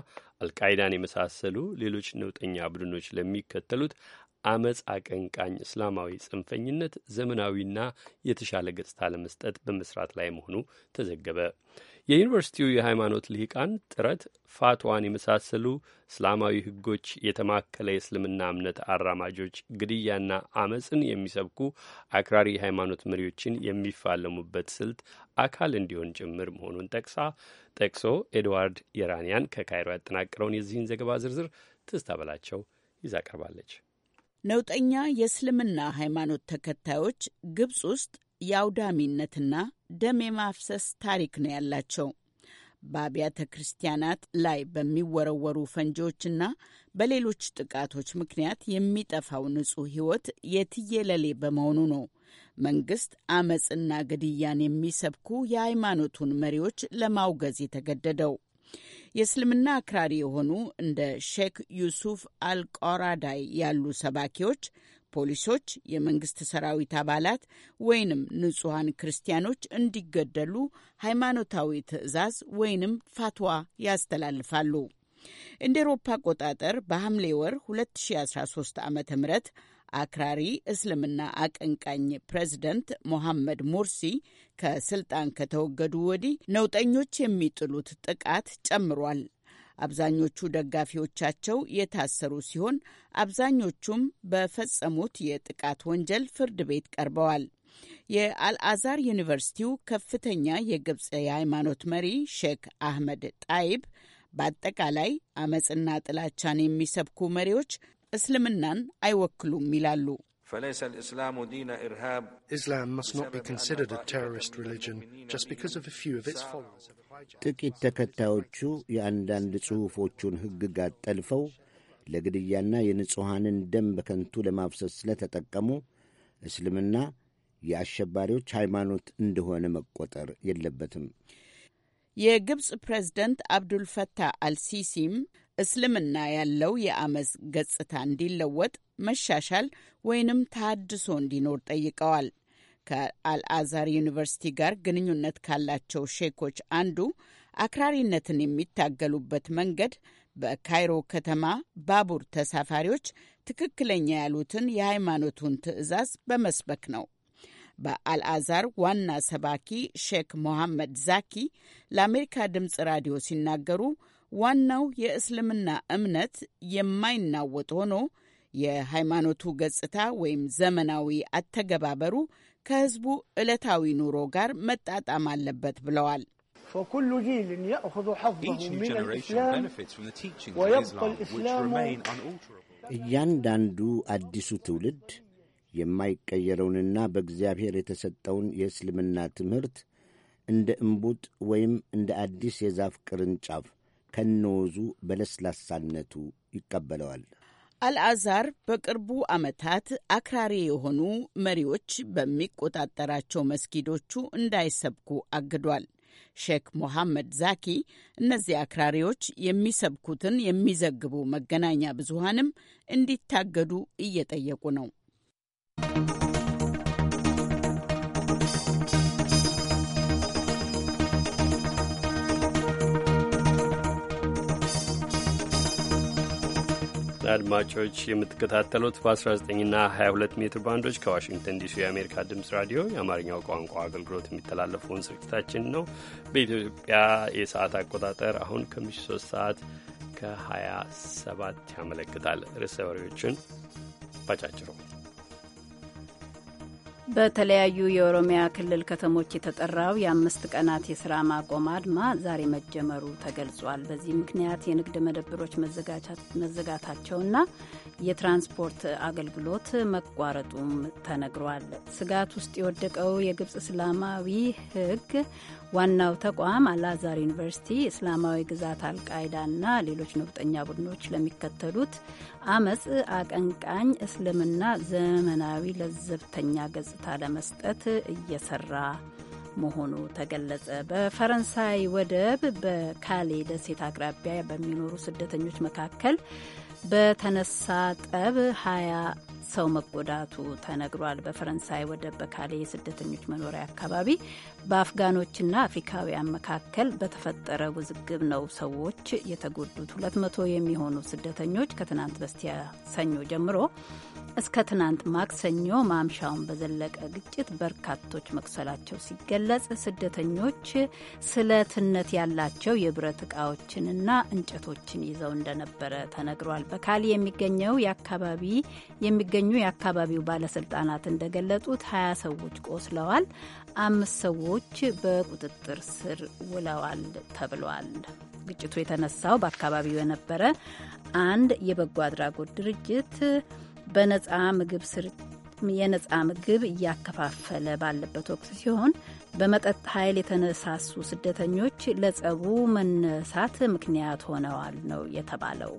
አልቃይዳን የመሳሰሉ ሌሎች ነውጠኛ ቡድኖች ለሚከተሉት አመፅ አቀንቃኝ እስላማዊ ጽንፈኝነት ዘመናዊና የተሻለ ገጽታ ለመስጠት በመስራት ላይ መሆኑ ተዘገበ። የዩኒቨርሲቲው የሃይማኖት ልሂቃን ጥረት ፋትዋን የመሳሰሉ እስላማዊ ሕጎች የተማከለ የእስልምና እምነት አራማጆች ግድያና አመፅን የሚሰብኩ አክራሪ የሃይማኖት መሪዎችን የሚፋለሙበት ስልት አካል እንዲሆን ጭምር መሆኑን ጠቅሳ ጠቅሶ ኤድዋርድ የራኒያን ከካይሮ ያጠናቀረውን የዚህን ዘገባ ዝርዝር ትዝታ በላቸው ይዛ ቀርባለች። ነውጠኛ የእስልምና ሃይማኖት ተከታዮች ግብፅ ውስጥ የአውዳሚነትና ደም የማፍሰስ ታሪክ ነው ያላቸው። በአብያተ ክርስቲያናት ላይ በሚወረወሩ ፈንጂዎችና በሌሎች ጥቃቶች ምክንያት የሚጠፋው ንጹሕ ሕይወት የትየለሌ በመሆኑ ነው መንግስት አመፅና ግድያን የሚሰብኩ የሃይማኖቱን መሪዎች ለማውገዝ የተገደደው። የእስልምና አክራሪ የሆኑ እንደ ሼክ ዩሱፍ አልቆራዳይ ያሉ ሰባኪዎች ፖሊሶች፣ የመንግስት ሰራዊት አባላት ወይንም ንጹሐን ክርስቲያኖች እንዲገደሉ ሃይማኖታዊ ትዕዛዝ ወይንም ፋትዋ ያስተላልፋሉ። እንደ ኤሮፓ አቆጣጠር በሐምሌ ወር 2013 ዓ ም አክራሪ እስልምና አቀንቃኝ ፕሬዚደንት ሞሐመድ ሙርሲ ከስልጣን ከተወገዱ ወዲህ ነውጠኞች የሚጥሉት ጥቃት ጨምሯል። አብዛኞቹ ደጋፊዎቻቸው የታሰሩ ሲሆን አብዛኞቹም በፈጸሙት የጥቃት ወንጀል ፍርድ ቤት ቀርበዋል። የአልአዛር ዩኒቨርሲቲው ከፍተኛ የግብፅ የሃይማኖት መሪ ሼክ አህመድ ጣይብ በአጠቃላይ አመፅና ጥላቻን የሚሰብኩ መሪዎች እስልምናን አይወክሉም ይላሉ። Islam must not be considered a terrorist religion just ጥቂት ተከታዮቹ የአንዳንድ ጽሑፎቹን ሕግጋት ጠልፈው ለግድያና የንጹሐንን ደም በከንቱ ለማፍሰስ ስለተጠቀሙ እስልምና የአሸባሪዎች ሃይማኖት እንደሆነ መቆጠር የለበትም። የግብፅ ፕሬዝደንት አብዱልፈታህ አልሲሲም እስልምና ያለው የአመፅ ገጽታ እንዲለወጥ መሻሻል ወይንም ታድሶ እንዲኖር ጠይቀዋል። ከአልአዛር ዩኒቨርሲቲ ጋር ግንኙነት ካላቸው ሼኮች አንዱ አክራሪነትን የሚታገሉበት መንገድ በካይሮ ከተማ ባቡር ተሳፋሪዎች ትክክለኛ ያሉትን የሃይማኖቱን ትዕዛዝ በመስበክ ነው። በአልአዛር ዋና ሰባኪ ሼክ ሞሐመድ ዛኪ ለአሜሪካ ድምፅ ራዲዮ ሲናገሩ ዋናው የእስልምና እምነት የማይናወጥ ሆኖ የሃይማኖቱ ገጽታ ወይም ዘመናዊ አተገባበሩ ከህዝቡ ዕለታዊ ኑሮ ጋር መጣጣም አለበት ብለዋል። እያንዳንዱ አዲሱ ትውልድ የማይቀየረውንና በእግዚአብሔር የተሰጠውን የእስልምና ትምህርት እንደ እምቡጥ ወይም እንደ አዲስ የዛፍ ቅርንጫፍ ከነወዙ በለስላሳነቱ ይቀበለዋል። አልአዛር በቅርቡ ዓመታት አክራሪ የሆኑ መሪዎች በሚቆጣጠራቸው መስጊዶቹ እንዳይሰብኩ አግዷል። ሼክ ሞሐመድ ዛኪ እነዚህ አክራሪዎች የሚሰብኩትን የሚዘግቡ መገናኛ ብዙሃንም እንዲታገዱ እየጠየቁ ነው። አድማጮች የምትከታተሉት በ19ና 22 ሜትር ባንዶች ከዋሽንግተን ዲሲ የአሜሪካ ድምፅ ራዲዮ የአማርኛው ቋንቋ አገልግሎት የሚተላለፈውን ስርጭታችን ነው። በኢትዮጵያ የሰዓት አቆጣጠር አሁን ከምሽቱ 3 ሰዓት ከ27 ያመለክታል። ርዕሰ ወሬዎችን ባጫጭሩ በተለያዩ የኦሮሚያ ክልል ከተሞች የተጠራው የአምስት ቀናት የስራ ማቆም አድማ ዛሬ መጀመሩ ተገልጿል። በዚህ ምክንያት የንግድ መደብሮች መዘጋታቸውና የትራንስፖርት አገልግሎት መቋረጡም ተነግሯል። ስጋት ውስጥ የወደቀው የግብፅ እስላማዊ ሕግ ዋናው ተቋም አልአዛር ዩኒቨርሲቲ እስላማዊ ግዛት አልቃይዳና ሌሎች ነውጠኛ ቡድኖች ለሚከተሉት አመፅ አቀንቃኝ እስልምና ዘመናዊ ለዘብተኛ ገጽታ ለመስጠት እየሰራ መሆኑ ተገለጸ። በፈረንሳይ ወደብ በካሌ ደሴት አቅራቢያ በሚኖሩ ስደተኞች መካከል በተነሳ ጠብ ሀያ ሰው መጎዳቱ ተነግሯል። በፈረንሳይ ወደብ በካሌ የስደተኞች መኖሪያ አካባቢ በአፍጋኖችና አፍሪካውያን መካከል በተፈጠረ ውዝግብ ነው ሰዎች የተጎዱት። ሁለት መቶ የሚሆኑ ስደተኞች ከትናንት በስቲያ ሰኞ ጀምሮ እስከ ትናንት ማክሰኞ ማምሻውን በዘለቀ ግጭት በርካቶች መቁሰላቸው ሲገለጽ ስደተኞች ስለትነት ያላቸው የብረት እቃዎችንና እንጨቶችን ይዘው እንደነበረ ተነግሯል። በካሊ የሚገኘው የአካባቢ የሚገኙ የአካባቢው ባለስልጣናት እንደገለጡት ሀያ ሰዎች ቆስለዋል፣ አምስት ሰዎች በቁጥጥር ስር ውለዋል ተብሏል። ግጭቱ የተነሳው በአካባቢው የነበረ አንድ የበጎ አድራጎት ድርጅት በነጻ ምግብ የነጻ ምግብ እያከፋፈለ ባለበት ወቅት ሲሆን በመጠጥ ኃይል የተነሳሱ ስደተኞች ለጸቡ መነሳት ምክንያት ሆነዋል ነው የተባለው።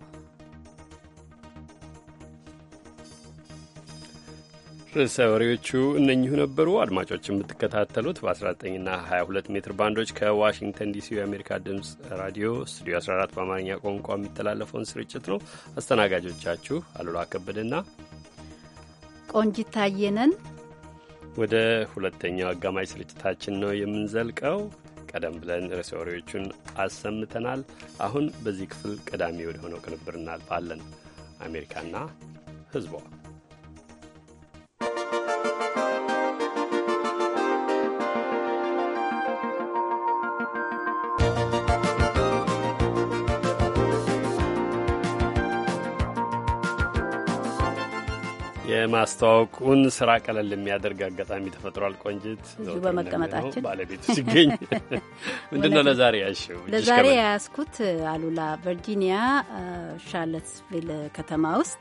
ርዕሰ ወሬዎቹ እነኚሁ ነበሩ። አድማጮች የምትከታተሉት በ19ና 22 ሜትር ባንዶች ከዋሽንግተን ዲሲ የአሜሪካ ድምፅ ራዲዮ ስቱዲዮ 14 በአማርኛ ቋንቋ የሚተላለፈውን ስርጭት ነው። አስተናጋጆቻችሁ አሉላ ከበደና ቆንጂት ወደ ሁለተኛው አጋማሽ ስርጭታችን ነው የምንዘልቀው። ቀደም ብለን ርዕሰ ወሬዎቹን አሰምተናል። አሁን በዚህ ክፍል ቀዳሚ ወደሆነው ቅንብር እናልፋለን። አሜሪካና ህዝቧ የማስተዋወቁን ስራ ቀለል የሚያደርግ አጋጣሚ ተፈጥሯል። ቆንጅት እዚሁ በመቀመጣችን ባለቤት ሲገኝ (laughs) ምንድነው ለዛሬ ያሽው ለዛሬ ያያስኩት አሉላ ቨርጂኒያ ሻርለትስቪል ከተማ ውስጥ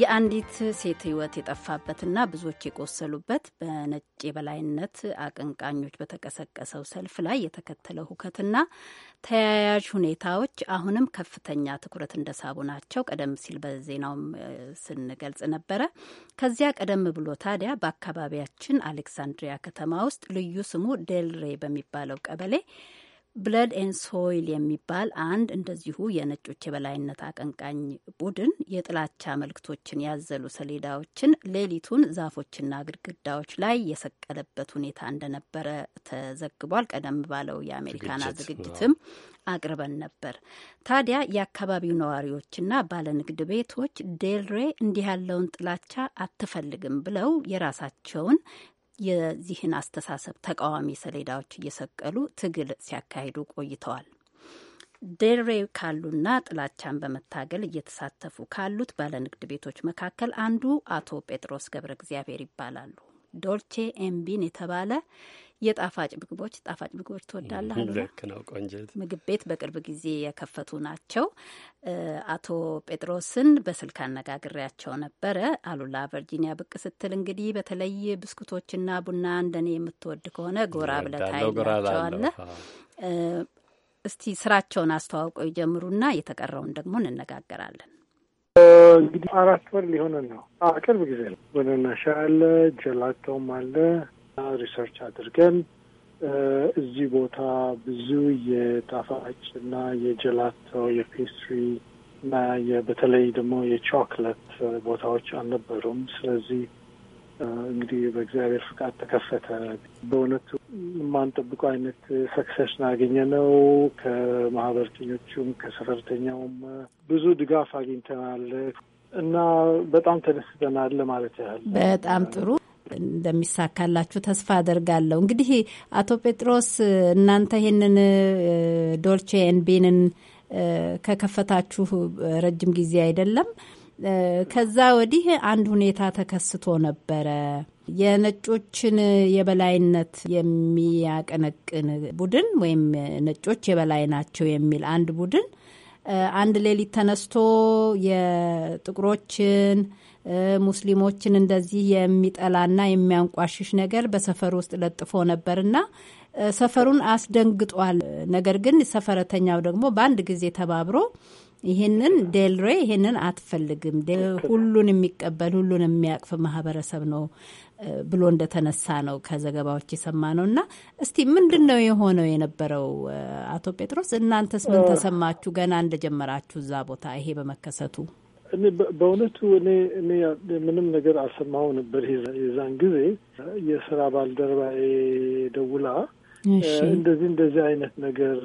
የአንዲት ሴት ህይወት የጠፋበትና ብዙዎች የቆሰሉበት በነጭ የበላይነት አቀንቃኞች በተቀሰቀሰው ሰልፍ ላይ የተከተለው ሁከትና ተያያዥ ሁኔታዎች አሁንም ከፍተኛ ትኩረት እንደሳቡ ናቸው። ቀደም ሲል በዜናውም ስንገልጽ ነበረ። ከዚያ ቀደም ብሎ ታዲያ በአካባቢያችን አሌክሳንድሪያ ከተማ ውስጥ ልዩ ስሙ ዴልሬ በሚባለው ቀበሌ ብለድ ኤን ሶይል የሚባል አንድ እንደዚሁ የነጮች የበላይነት አቀንቃኝ ቡድን የጥላቻ መልእክቶችን ያዘሉ ሰሌዳዎችን ሌሊቱን ዛፎችና ግድግዳዎች ላይ የሰቀለበት ሁኔታ እንደነበረ ተዘግቧል። ቀደም ባለው የአሜሪካና ዝግጅትም አቅርበን ነበር። ታዲያ የአካባቢው ነዋሪዎችና ባለንግድ ቤቶች ዴልሬ እንዲህ ያለውን ጥላቻ አትፈልግም ብለው የራሳቸውን የዚህን አስተሳሰብ ተቃዋሚ ሰሌዳዎች እየሰቀሉ ትግል ሲያካሂዱ ቆይተዋል። ደሬ ካሉና ጥላቻን በመታገል እየተሳተፉ ካሉት ባለንግድ ቤቶች መካከል አንዱ አቶ ጴጥሮስ ገብረ እግዚአብሔር ይባላሉ። ዶልቼ ኤምቢን የተባለ የጣፋጭ ምግቦች ጣፋጭ ምግቦች ትወዳለህ? ልክ ነው ቆንጅት። ምግብ ቤት በቅርብ ጊዜ የከፈቱ ናቸው። አቶ ጴጥሮስን በስልክ አነጋግሬያቸው ነበረ። አሉላ ቨርጂኒያ ብቅ ስትል እንግዲህ በተለይ ብስኩቶችና ቡና እንደኔ የምትወድ ከሆነ ጎራ ብለህ ታይላቸዋለህ። እስቲ ስራቸውን አስተዋውቀው ይጀምሩና የተቀረውን ደግሞ እንነጋገራለን። እንግዲህ አራት ወር ሊሆነ ነው። ቅርብ ጊዜ ነው። በነና ሻይ አለ፣ ጀላቶም አለ፣ ሪሰርች አድርገን እዚህ ቦታ ብዙ የጣፋጭ እና የጀላቶ የፔስትሪ እና በተለይ ደግሞ የቾክለት ቦታዎች አልነበሩም። ስለዚህ እንግዲህ በእግዚአብሔር ፍቃድ ተከፈተ። በእውነቱ የማንጠብቁ አይነት ሰክሰስ ናገኘ ነው። ከማህበርተኞቹም ከሰፈርተኛውም ብዙ ድጋፍ አግኝተናል እና በጣም ተደስተናል ለማለት ያህል። በጣም ጥሩ። እንደሚሳካላችሁ ተስፋ አደርጋለሁ። እንግዲህ አቶ ጴጥሮስ እናንተ ይህንን ዶልቼ ኤንቢንን ከከፈታችሁ ረጅም ጊዜ አይደለም። ከዛ ወዲህ አንድ ሁኔታ ተከስቶ ነበረ። የነጮችን የበላይነት የሚያቀነቅን ቡድን ወይም ነጮች የበላይ ናቸው የሚል አንድ ቡድን አንድ ሌሊት ተነስቶ የጥቁሮችን ሙስሊሞችን እንደዚህ የሚጠላና የሚያንቋሽሽ ነገር በሰፈር ውስጥ ለጥፎ ነበርና ሰፈሩን አስደንግጧል። ነገር ግን ሰፈረተኛው ደግሞ በአንድ ጊዜ ተባብሮ ይህንን ዴልሬ ይህንን አትፈልግም፣ ሁሉን የሚቀበል ሁሉን የሚያቅፍ ማህበረሰብ ነው ብሎ እንደተነሳ ነው ከዘገባዎች የሰማ ነው። እና እስቲ ምንድን ነው የሆነው የነበረው? አቶ ጴጥሮስ እናንተስ ምን ተሰማችሁ ገና እንደጀመራችሁ እዛ ቦታ ይሄ በመከሰቱ? እኔ በእውነቱ እኔ እኔ ምንም ነገር አልሰማሁም ነበር የዛን ጊዜ። የስራ ባልደረባዬ ደውላ እንደዚህ እንደዚህ አይነት ነገር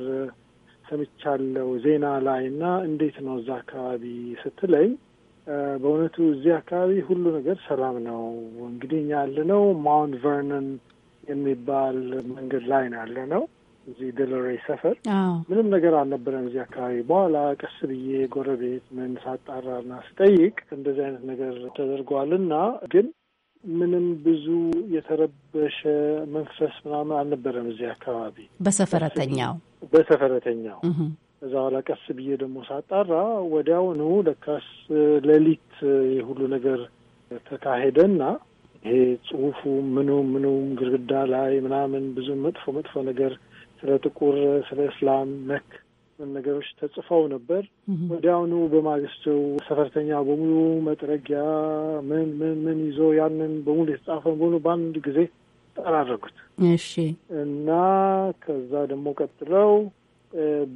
ሰምቻለሁ ዜና ላይ እና እንዴት ነው እዛ አካባቢ ስትለኝ፣ በእውነቱ እዚህ አካባቢ ሁሉ ነገር ሰላም ነው። እንግዲህ እኛ ያለ ነው ማውንት ቨርነን የሚባል መንገድ ላይ ነው ያለ ነው እዚህ ደለሬ ሰፈር ምንም ነገር አልነበረም እዚህ አካባቢ። በኋላ ቀስ ብዬ ጎረቤት ምን ሳጣራና ስጠይቅ እንደዚህ አይነት ነገር ተደርጓልና ግን ምንም ብዙ የተረበሸ መንፈስ ምናምን አልነበረም እዚህ አካባቢ በሰፈረተኛው በሰፈረተኛው እዛ ኋላ ቀስ ብዬ ደግሞ ሳጣራ ወዲያውኑ ለካስ ሌሊት የሁሉ ነገር ተካሄደና ይሄ ጽሁፉ ምኑም ምኑም ግድግዳ ላይ ምናምን ብዙ መጥፎ መጥፎ ነገር ስለ ጥቁር፣ ስለ እስላም ነክ ነገሮች ተጽፈው ነበር። ወዲያውኑ በማግስቱ ሰፈርተኛ በሙሉ መጥረጊያ ምን ምን ምን ይዞ ያንን በሙሉ የተጻፈ በሙሉ በአንድ ጊዜ ጠራረጉት። እሺ። እና ከዛ ደግሞ ቀጥለው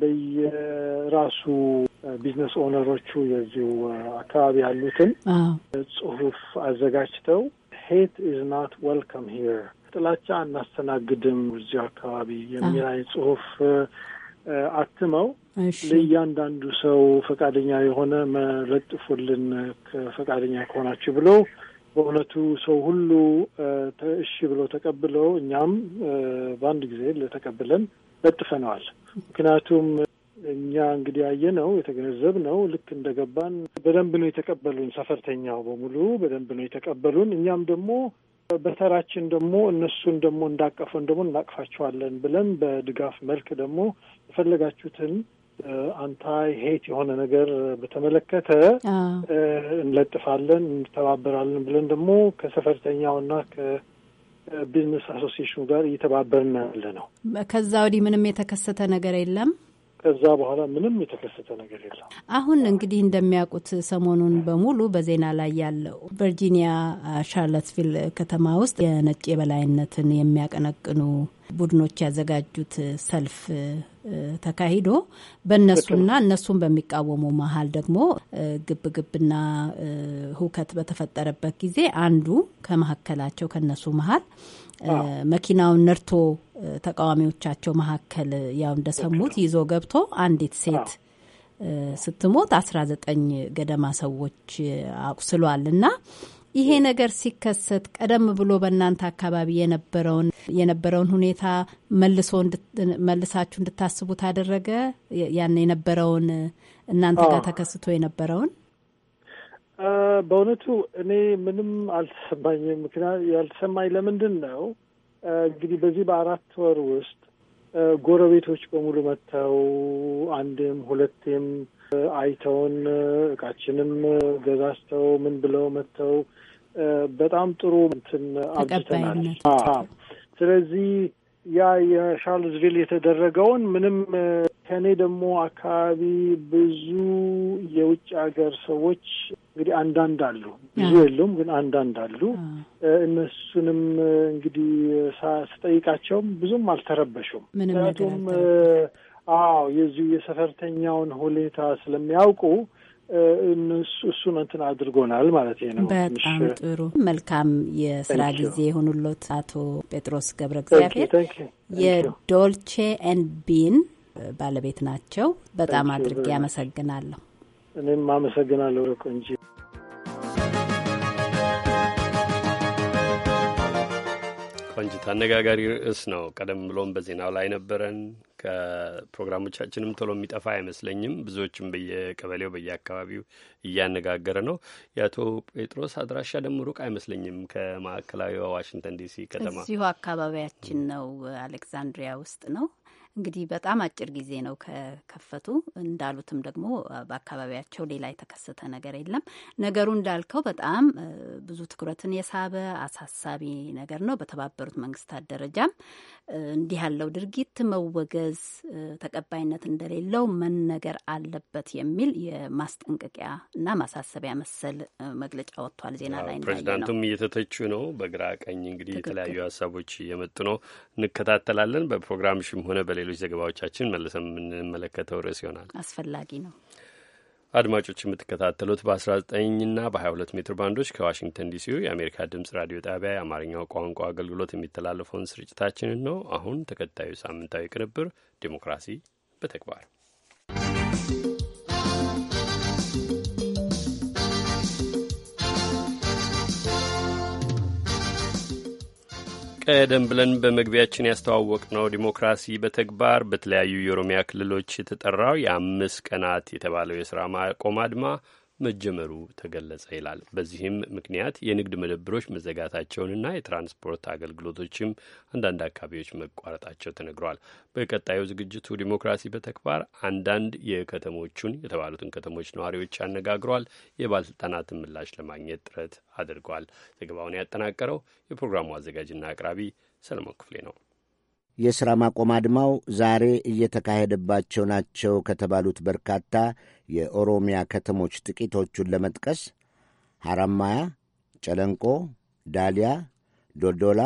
በየራሱ ቢዝነስ ኦነሮቹ የዚሁ አካባቢ ያሉትን ጽሁፍ አዘጋጅተው ሄት ኢዝ ናት ዌልካም ሂር ጥላቻ አናስተናግድም እዚሁ አካባቢ የሚል አይነት ጽሁፍ አትመው ለእያንዳንዱ ሰው ፈቃደኛ የሆነ መለጥፉልን ፈቃደኛ ከሆናችሁ ብሎ በእውነቱ ሰው ሁሉ እሺ ብሎ ተቀብለው እኛም በአንድ ጊዜ ለተቀብለን ለጥፈነዋል። ምክንያቱም እኛ እንግዲህ ያየ ነው የተገነዘብ ነው ልክ እንደገባን በደንብ ነው የተቀበሉን። ሰፈርተኛው በሙሉ በደንብ ነው የተቀበሉን። እኛም ደግሞ በተራችን ደግሞ እነሱን ደግሞ እንዳቀፈን ደግሞ እናቅፋቸዋለን ብለን በድጋፍ መልክ ደግሞ የፈለጋችሁትን አንታይ ሄት የሆነ ነገር በተመለከተ እንለጥፋለን፣ እንተባበራለን ብለን ደግሞ ከሰፈርተኛውና ከቢዝነስ አሶሲሽኑ ጋር እየተባበርን ያለ ነው። ከዛ ወዲህ ምንም የተከሰተ ነገር የለም። ከዛ በኋላ ምንም የተከሰተ ነገር የለም። አሁን እንግዲህ እንደሚያውቁት ሰሞኑን በሙሉ በዜና ላይ ያለው ቨርጂኒያ ሻርለትቪል ከተማ ውስጥ የነጭ የበላይነትን የሚያቀነቅኑ ቡድኖች ያዘጋጁት ሰልፍ ተካሂዶ በእነሱና እነሱን በሚቃወሙ መሀል ደግሞ ግብግብና ሁከት በተፈጠረበት ጊዜ አንዱ ከመካከላቸው ከነሱ መሀል መኪናውን ነድቶ ተቃዋሚዎቻቸው መካከል ያው እንደሰሙት ይዞ ገብቶ አንዲት ሴት ስትሞት አስራ ዘጠኝ ገደማ ሰዎች አቁስሏል እና ይሄ ነገር ሲከሰት ቀደም ብሎ በእናንተ አካባቢ የነበረውን የነበረውን ሁኔታ መልሶ መልሳችሁ እንድታስቡ ታደረገ ያን የነበረውን እናንተ ጋር ተከስቶ የነበረውን በእውነቱ እኔ ምንም አልተሰማኝም። ምክንያት ያልተሰማኝ ለምንድን ነው እንግዲህ በዚህ በአራት ወር ውስጥ ጎረቤቶች በሙሉ መጥተው አንድም ሁለቴም አይተውን እቃችንም ገዛዝተው ምን ብለው መጥተው በጣም ጥሩ እንትን አብዝተናል። ስለዚህ ያ የሻርልስ ቪል የተደረገውን ምንም ከኔ ደግሞ አካባቢ ብዙ የውጭ ሀገር ሰዎች እንግዲህ አንዳንድ አሉ፣ ብዙ የለውም ግን አንዳንድ አሉ። እነሱንም እንግዲህ ስጠይቃቸውም ብዙም አልተረበሹም። ምክንያቱም አዎ የዚሁ የሰፈርተኛውን ሁኔታ ስለሚያውቁ እሱን እንትን አድርጎናል ማለት ነው። በጣም ጥሩ መልካም የስራ ጊዜ የሆኑሎት አቶ ጴጥሮስ ገብረ እግዚአብሔር የዶልቼ ኤን ቢን ባለቤት ናቸው። በጣም አድርጌ አመሰግናለሁ። እኔም አመሰግናለሁ እንጂ ቆንጅት አነጋጋሪ ርዕስ ነው። ቀደም ብሎም በዜናው ላይ ነበረን። ከፕሮግራሞቻችንም ቶሎ የሚጠፋ አይመስለኝም። ብዙዎችም በየቀበሌው በየአካባቢው እያነጋገረ ነው። የአቶ ጴጥሮስ አድራሻ ደግሞ ሩቅ አይመስለኝም ከማዕከላዊ ዋሽንግተን ዲሲ ከተማ እዚሁ አካባቢያችን ነው፣ አሌክዛንድሪያ ውስጥ ነው። እንግዲህ በጣም አጭር ጊዜ ነው ከከፈቱ። እንዳሉትም ደግሞ በአካባቢያቸው ሌላ የተከሰተ ነገር የለም። ነገሩ እንዳልከው በጣም ብዙ ትኩረትን የሳበ አሳሳቢ ነገር ነው። በተባበሩት መንግስታት ደረጃም እንዲህ ያለው ድርጊት መወገዝ፣ ተቀባይነት እንደሌለው መነገር አለበት የሚል የማስጠንቀቂያ እና ማሳሰቢያ መሰል መግለጫ ወጥቷል። ዜና ላይ ፕሬዚዳንቱም እየተተቹ ነው። በግራ ቀኝ እንግዲህ የተለያዩ ሀሳቦች እየመጡ ነው። እንከታተላለን። ሽም ሆነ በ በሌሎች ዘገባዎቻችን መልሰን የምንመለከተው ርዕስ ይሆናል። አስፈላጊ ነው። አድማጮች የምትከታተሉት በ19 እና በ22 ሜትር ባንዶች ከዋሽንግተን ዲሲ የአሜሪካ ድምጽ ራዲዮ ጣቢያ የአማርኛው ቋንቋ አገልግሎት የሚተላለፈውን ስርጭታችንን ነው። አሁን ተከታዩ ሳምንታዊ ቅንብር ዴሞክራሲ በተግባር ቀደም ብለን በመግቢያችን ነው ዲሞክራሲ በተግባር በተለያዩ የኦሮሚያ ክልሎች የተጠራው የአምስት ቀናት የተባለው የስራ ማቆም አድማ መጀመሩ ተገለጸ ይላል። በዚህም ምክንያት የንግድ መደብሮች መዘጋታቸውንና የትራንስፖርት አገልግሎቶችም አንዳንድ አካባቢዎች መቋረጣቸው ተነግሯል። በቀጣዩ ዝግጅቱ ዲሞክራሲ በተግባር አንዳንድ የከተሞቹን የተባሉትን ከተሞች ነዋሪዎች አነጋግሯል። የባለስልጣናትን ምላሽ ለማግኘት ጥረት አድርጓል። ዘገባውን ያጠናቀረው የፕሮግራሙ አዘጋጅና አቅራቢ ሰለሞን ክፍሌ ነው። የሥራ ማቆም አድማው ዛሬ እየተካሄደባቸው ናቸው ከተባሉት በርካታ የኦሮሚያ ከተሞች ጥቂቶቹን ለመጥቀስ ሐራማያ፣ ጨለንቆ፣ ዳሊያ፣ ዶልዶላ፣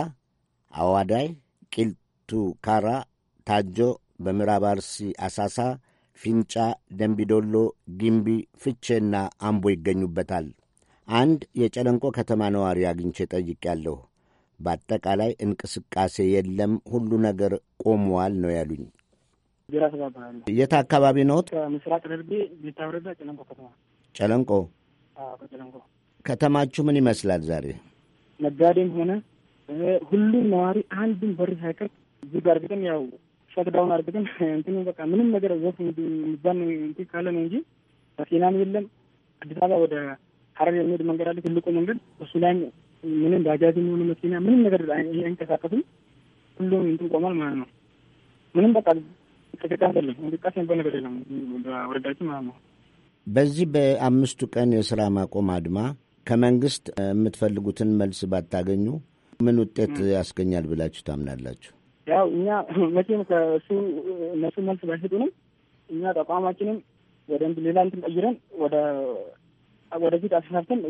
አዋዳይ፣ ቂልቱ ካራ፣ ታጆ፣ በምዕራብ አርሲ አሳሳ፣ ፊንጫ፣ ደንቢዶሎ፣ ጊምቢ፣ ፍቼና አምቦ ይገኙበታል። አንድ የጨለንቆ ከተማ ነዋሪ አግኝቼ ጠይቄያለሁ። በአጠቃላይ እንቅስቃሴ የለም፣ ሁሉ ነገር ቆመዋል ነው ያሉኝ። የት አካባቢ ነዎት? ምስራቅ ደርቤ ጨለንቆ ከተማ። ጨለንቆ ከተማችሁ ምን ይመስላል ዛሬ? ነጋዴም ሆነ ሁሉም ነዋሪ አንድም በር ሳይቀር ዝግ አድርገን ያው ሸክዳውን አድርገን እንትን በቃ ምንም ነገር ወፍ ሚዛን እንትን ካለ ነው እንጂ መኪናም የለም። አዲስ አበባ ወደ ሀረር የሚሄድ መንገድ አለ፣ ትልቁ መንገድ እሱ ላይም ምንም ባጃጅ የሚሆኑ መኪና ምንም ነገር አይንቀሳቀስም። ሁሉም እንትን ቆማል ማለት ነው። ምንም በቃ እንቅስቃሴ የለም። እንቅስቃሴ የሚባል ነገር የለም ወረዳችን ማለት ነው። በዚህ በአምስቱ ቀን የስራ ማቆም አድማ ከመንግስት የምትፈልጉትን መልስ ባታገኙ ምን ውጤት ያስገኛል ብላችሁ ታምናላችሁ? ያው እኛ መቼም ከእሱ እነሱ መልስ ባይሰጡንም እኛ ተቋማችንም ወደ ሌላ እንትን ቀይረን ወደ ወደፊት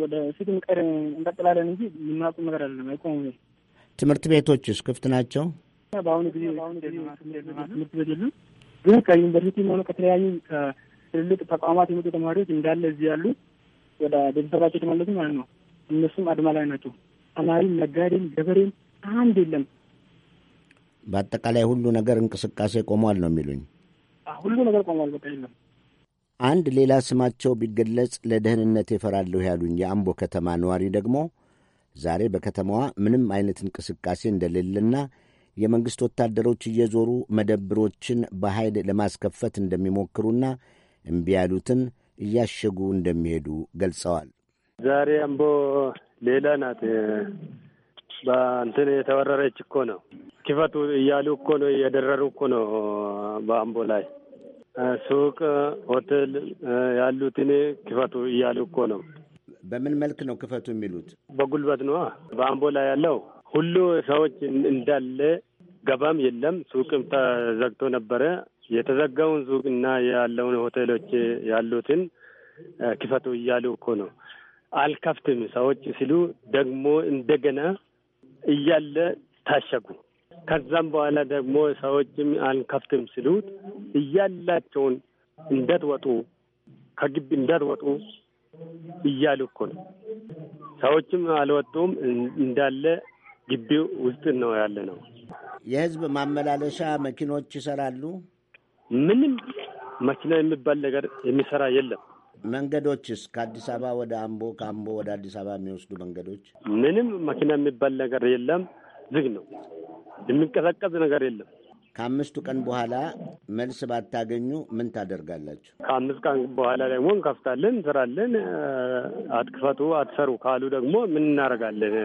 ወደ ወደፊት ቀር እንቀጥላለን እንጂ የምናቁም ነገር አይደለም። አይቆሙ ትምህርት ቤቶችስ ክፍት ናቸው? በአሁኑ ጊዜ ትምህርት ቤት የሉም፣ ግን ከዩኒቨርሲቲ ሆነ ከተለያዩ ከትልልቅ ተቋማት የመጡ ተማሪዎች እንዳለ እዚህ ያሉ ወደ ቤተሰባቸው የተመለሱ ማለት ነው። እነሱም አድማ ላይ ናቸው። ተማሪም፣ ነጋዴም፣ ገበሬም አንድ የለም። በአጠቃላይ ሁሉ ነገር እንቅስቃሴ ቆሟል ነው የሚሉኝ። ሁሉ ነገር ቆሟል፣ በቃ የለም። አንድ ሌላ ስማቸው ቢገለጽ ለደህንነት የፈራለሁ ያሉኝ የአምቦ ከተማ ነዋሪ ደግሞ ዛሬ በከተማዋ ምንም አይነት እንቅስቃሴ እንደሌለና የመንግሥት ወታደሮች እየዞሩ መደብሮችን በኃይል ለማስከፈት እንደሚሞክሩና እምቢ ያሉትን እያሸጉ እንደሚሄዱ ገልጸዋል። ዛሬ አምቦ ሌላ ናት። በእንትን የተወረረች እኮ ነው። ክፈቱ እያሉ እኮ ነው፣ እየደረሩ እኮ ነው በአምቦ ላይ ሱቅ፣ ሆቴል ያሉትን ክፈቱ እያሉ እኮ ነው። በምን መልክ ነው ክፈቱ የሚሉት? በጉልበት ነው። በአምቦ ላይ ያለው ሁሉ ሰዎች እንዳለ ገባም የለም ሱቅም ተዘግቶ ነበረ። የተዘጋውን ሱቅ እና ያለውን ሆቴሎች ያሉትን ክፈቱ እያሉ እኮ ነው። አልከፍትም ሰዎች ሲሉ ደግሞ እንደገና እያለ ታሸጉ። ከዛም በኋላ ደግሞ ሰዎችም አልከፍትም ስሉት እያላቸውን እንደትወጡ ከግቢ እንደትወጡ እያሉ እኮ ነው። ሰዎችም አልወጡም እንዳለ ግቢ ውስጥ ነው ያለ ነው። የህዝብ ማመላለሻ መኪኖች ይሰራሉ። ምንም መኪና የሚባል ነገር የሚሰራ የለም። መንገዶችስ ከአዲስ አበባ ወደ አምቦ ከአምቦ ወደ አዲስ አበባ የሚወስዱ መንገዶች ምንም መኪና የሚባል ነገር የለም። ዝግ ነው። የሚንቀሳቀስ ነገር የለም። ከአምስቱ ቀን በኋላ መልስ ባታገኙ ምን ታደርጋላችሁ? ከአምስት ቀን በኋላ ደግሞ እንከፍታለን፣ እንሰራለን። አትክፈቱ፣ አትሰሩ ካሉ ደግሞ ምን እናደርጋለን?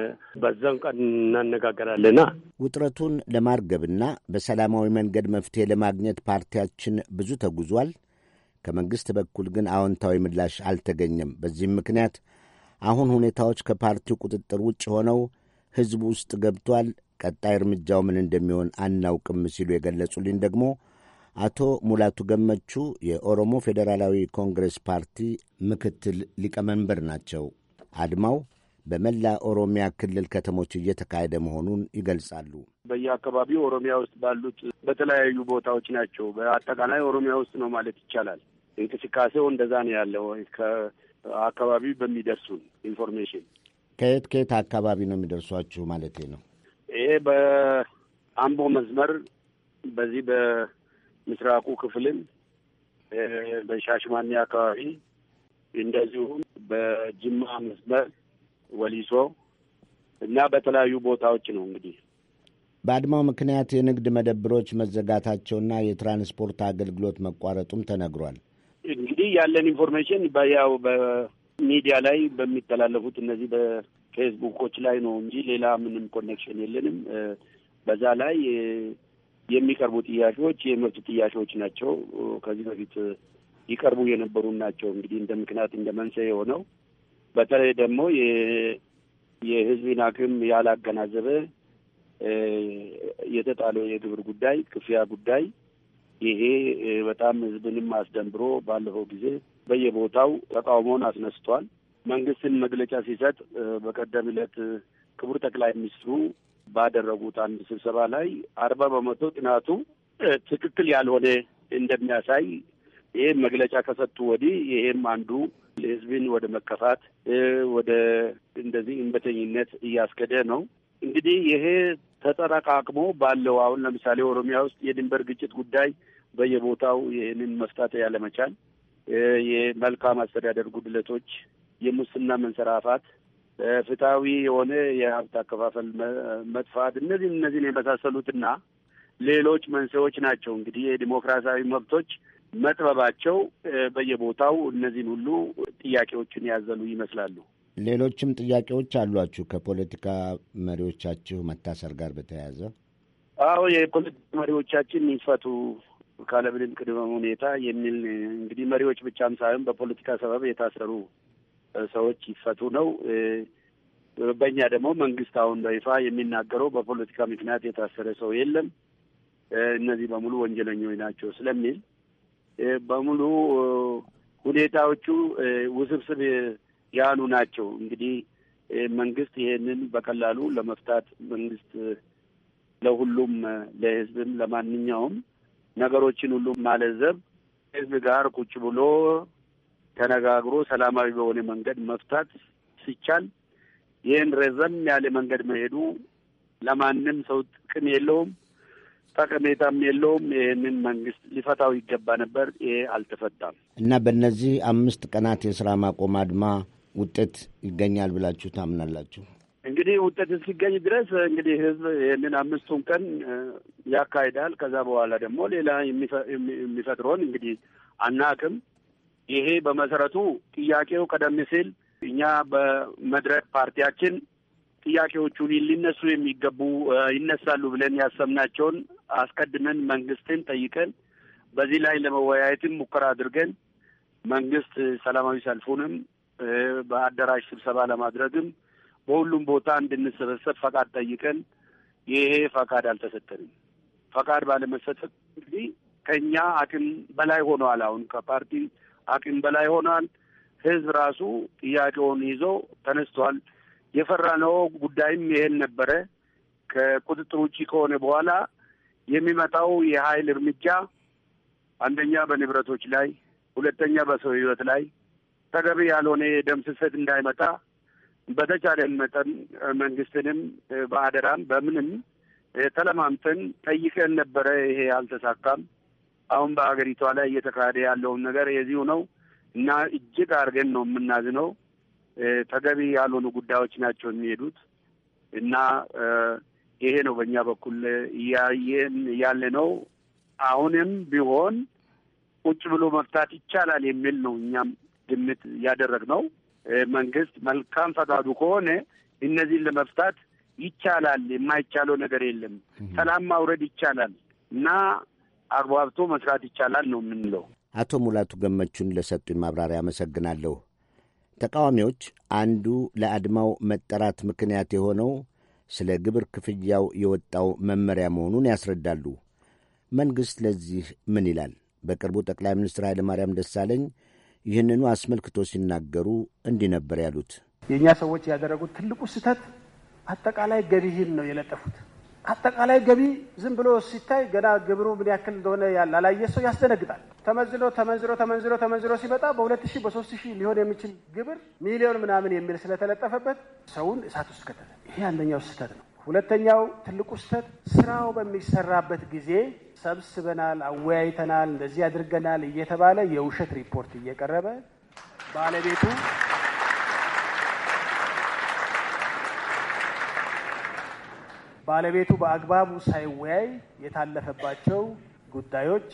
በዛም ቀን እናነጋገራለና ውጥረቱን ለማርገብና በሰላማዊ መንገድ መፍትሄ ለማግኘት ፓርቲያችን ብዙ ተጉዟል። ከመንግሥት በኩል ግን አዎንታዊ ምላሽ አልተገኘም። በዚህም ምክንያት አሁን ሁኔታዎች ከፓርቲው ቁጥጥር ውጭ ሆነው ሕዝቡ ውስጥ ገብቷል። ቀጣይ እርምጃው ምን እንደሚሆን አናውቅም ሲሉ የገለጹልኝ ደግሞ አቶ ሙላቱ ገመቹ የኦሮሞ ፌዴራላዊ ኮንግሬስ ፓርቲ ምክትል ሊቀመንበር ናቸው። አድማው በመላ ኦሮሚያ ክልል ከተሞች እየተካሄደ መሆኑን ይገልጻሉ። በየአካባቢው ኦሮሚያ ውስጥ ባሉት በተለያዩ ቦታዎች ናቸው። በአጠቃላይ ኦሮሚያ ውስጥ ነው ማለት ይቻላል። እንቅስቃሴው እንደዛ ነው ያለው። ከአካባቢ በሚደርሱን ኢንፎርሜሽን ከየት ከየት አካባቢ ነው የሚደርሷችሁ ማለት ነው? ይሄ በአምቦ መስመር በዚህ በምስራቁ ክፍልም በሻሽማኔ አካባቢ እንደዚሁም በጅማ መስመር ወሊሶ እና በተለያዩ ቦታዎች ነው እንግዲህ በአድማው ምክንያት የንግድ መደብሮች መዘጋታቸውና የትራንስፖርት አገልግሎት መቋረጡም ተነግሯል። እንግዲህ ያለን ኢንፎርሜሽን ያው ሚዲያ ላይ በሚተላለፉት እነዚህ በፌስቡኮች ላይ ነው እንጂ ሌላ ምንም ኮኔክሽን የለንም። በዛ ላይ የሚቀርቡ ጥያቄዎች የመብት ጥያቄዎች ናቸው። ከዚህ በፊት ይቀርቡ የነበሩ ናቸው። እንግዲህ እንደ ምክንያት እንደ መንስኤ የሆነው በተለይ ደግሞ የህዝብን አቅም ያላገናዘበ የተጣለው የግብር ጉዳይ፣ ክፍያ ጉዳይ ይሄ በጣም ህዝብንም አስደንብሮ ባለፈው ጊዜ በየቦታው ተቃውሞውን አስነስቷል። መንግስትን መግለጫ ሲሰጥ በቀደም ዕለት ክቡር ጠቅላይ ሚኒስትሩ ባደረጉት አንድ ስብሰባ ላይ አርባ በመቶ ጥናቱ ትክክል ያልሆነ እንደሚያሳይ ይህም መግለጫ ከሰጡ ወዲህ ይሄም አንዱ ህዝብን ወደ መከፋት ወደ እንደዚህ እንበተኝነት እያስገደ ነው። እንግዲህ ይሄ ተጠረቃቅሞ ባለው አሁን ለምሳሌ ኦሮሚያ ውስጥ የድንበር ግጭት ጉዳይ በየቦታው ይህንን መፍታት ያለመቻል የመልካም አስተዳደር ጉድለቶች፣ የሙስና መንሰራፋት፣ ፍትሐዊ የሆነ የሀብት አከፋፈል መጥፋት እነዚህ እነዚህን የመሳሰሉትና ሌሎች መንስኤዎች ናቸው። እንግዲህ የዲሞክራሲያዊ መብቶች መጥበባቸው በየቦታው እነዚህን ሁሉ ጥያቄዎችን ያዘሉ ይመስላሉ። ሌሎችም ጥያቄዎች አሏችሁ ከፖለቲካ መሪዎቻችሁ መታሰር ጋር በተያያዘ? አዎ የፖለቲካ መሪዎቻችን ይፈቱ ካለምንም ቅድመ ሁኔታ የሚል እንግዲህ መሪዎች ብቻም ሳይሆን በፖለቲካ ሰበብ የታሰሩ ሰዎች ይፈቱ ነው። በእኛ ደግሞ መንግስት አሁን በይፋ የሚናገረው በፖለቲካ ምክንያት የታሰረ ሰው የለም፣ እነዚህ በሙሉ ወንጀለኞች ናቸው ስለሚል በሙሉ ሁኔታዎቹ ውስብስብ ያሉ ናቸው። እንግዲህ መንግስት ይሄንን በቀላሉ ለመፍታት መንግስት ለሁሉም ለህዝብም ለማንኛውም ነገሮችን ሁሉ ማለዘብ ህዝብ ጋር ቁጭ ብሎ ተነጋግሮ ሰላማዊ በሆነ መንገድ መፍታት ሲቻል ይህን ረዘም ያለ መንገድ መሄዱ ለማንም ሰው ጥቅም የለውም፣ ጠቀሜታም የለውም። ይህንን መንግስት ሊፈታው ይገባ ነበር። ይሄ አልተፈታም እና በእነዚህ አምስት ቀናት የስራ ማቆም አድማ ውጤት ይገኛል ብላችሁ ታምናላችሁ? እንግዲህ ውጤት እስኪገኝ ድረስ እንግዲህ ህዝብ ይህንን አምስቱን ቀን ያካሂዳል። ከዛ በኋላ ደግሞ ሌላ የሚፈጥሮን እንግዲህ አናቅም። ይሄ በመሰረቱ ጥያቄው ቀደም ሲል እኛ በመድረክ ፓርቲያችን ጥያቄዎቹን ሊነሱ የሚገቡ ይነሳሉ ብለን ያሰብናቸውን አስቀድመን መንግስትን ጠይቀን በዚህ ላይ ለመወያየትም ሙከራ አድርገን መንግስት ሰላማዊ ሰልፉንም በአዳራሽ ስብሰባ ለማድረግም በሁሉም ቦታ እንድንሰበሰብ ፈቃድ ጠይቀን ይሄ ፈቃድ አልተሰጠንም። ፈቃድ ባለመሰጠት እንግዲህ ከኛ አቅም በላይ ሆኗል። አሁን ከፓርቲ አቅም በላይ ሆኗል። ህዝብ ራሱ ጥያቄውን ይዞ ተነስቷል። የፈራነው ጉዳይም ይሄን ነበረ። ከቁጥጥር ውጭ ከሆነ በኋላ የሚመጣው የኃይል እርምጃ አንደኛ በንብረቶች ላይ፣ ሁለተኛ በሰው ህይወት ላይ ተገቢ ያልሆነ የደም እንዳይመጣ በተቻለ መጠን መንግስትንም በአደራም በምንም ተለማምተን ጠይቀን ነበረ። ይሄ አልተሳካም። አሁን በአገሪቷ ላይ እየተካሄደ ያለውን ነገር የዚሁ ነው እና እጅግ አድርገን ነው የምናዝነው። ተገቢ ያልሆኑ ጉዳዮች ናቸው የሚሄዱት እና ይሄ ነው በእኛ በኩል እያየን ያለ ነው። አሁንም ቢሆን ቁጭ ብሎ መፍታት ይቻላል የሚል ነው እኛም ግምት ያደረግነው። መንግስት መልካም ፈቃዱ ከሆነ እነዚህን ለመፍታት ይቻላል። የማይቻለው ነገር የለም። ሰላም ማውረድ ይቻላል እና አግባብቶ መስራት ይቻላል ነው የምንለው። አቶ ሙላቱ ገመቹን ለሰጡኝ ማብራሪያ አመሰግናለሁ። ተቃዋሚዎች አንዱ ለአድማው መጠራት ምክንያት የሆነው ስለ ግብር ክፍያው የወጣው መመሪያ መሆኑን ያስረዳሉ። መንግሥት ለዚህ ምን ይላል? በቅርቡ ጠቅላይ ሚኒስትር ኃይለማርያም ደሳለኝ ይህንኑ አስመልክቶ ሲናገሩ እንዲህ ነበር ያሉት። የእኛ ሰዎች ያደረጉት ትልቁ ስህተት አጠቃላይ ገቢህን ነው የለጠፉት። አጠቃላይ ገቢ ዝም ብሎ ሲታይ ገና ግብሩ ምን ያክል እንደሆነ ያላላየ ሰው ያስደነግጣል። ተመዝኖ ተመንዝሮ ተመንዝሮ ተመንዝሮ ሲመጣ በሁለት ሺህ በሶስት ሺህ ሊሆን የሚችል ግብር ሚሊዮን ምናምን የሚል ስለተለጠፈበት ሰውን እሳት ውስጥ ከተተ። ይሄ አንደኛው ስህተት ነው። ሁለተኛው ትልቁ ስህተት ስራው በሚሰራበት ጊዜ ሰብስበናል፣ አወያይተናል፣ እንደዚህ አድርገናል እየተባለ የውሸት ሪፖርት እየቀረበ ባለቤቱ ባለቤቱ በአግባቡ ሳይወያይ የታለፈባቸው ጉዳዮች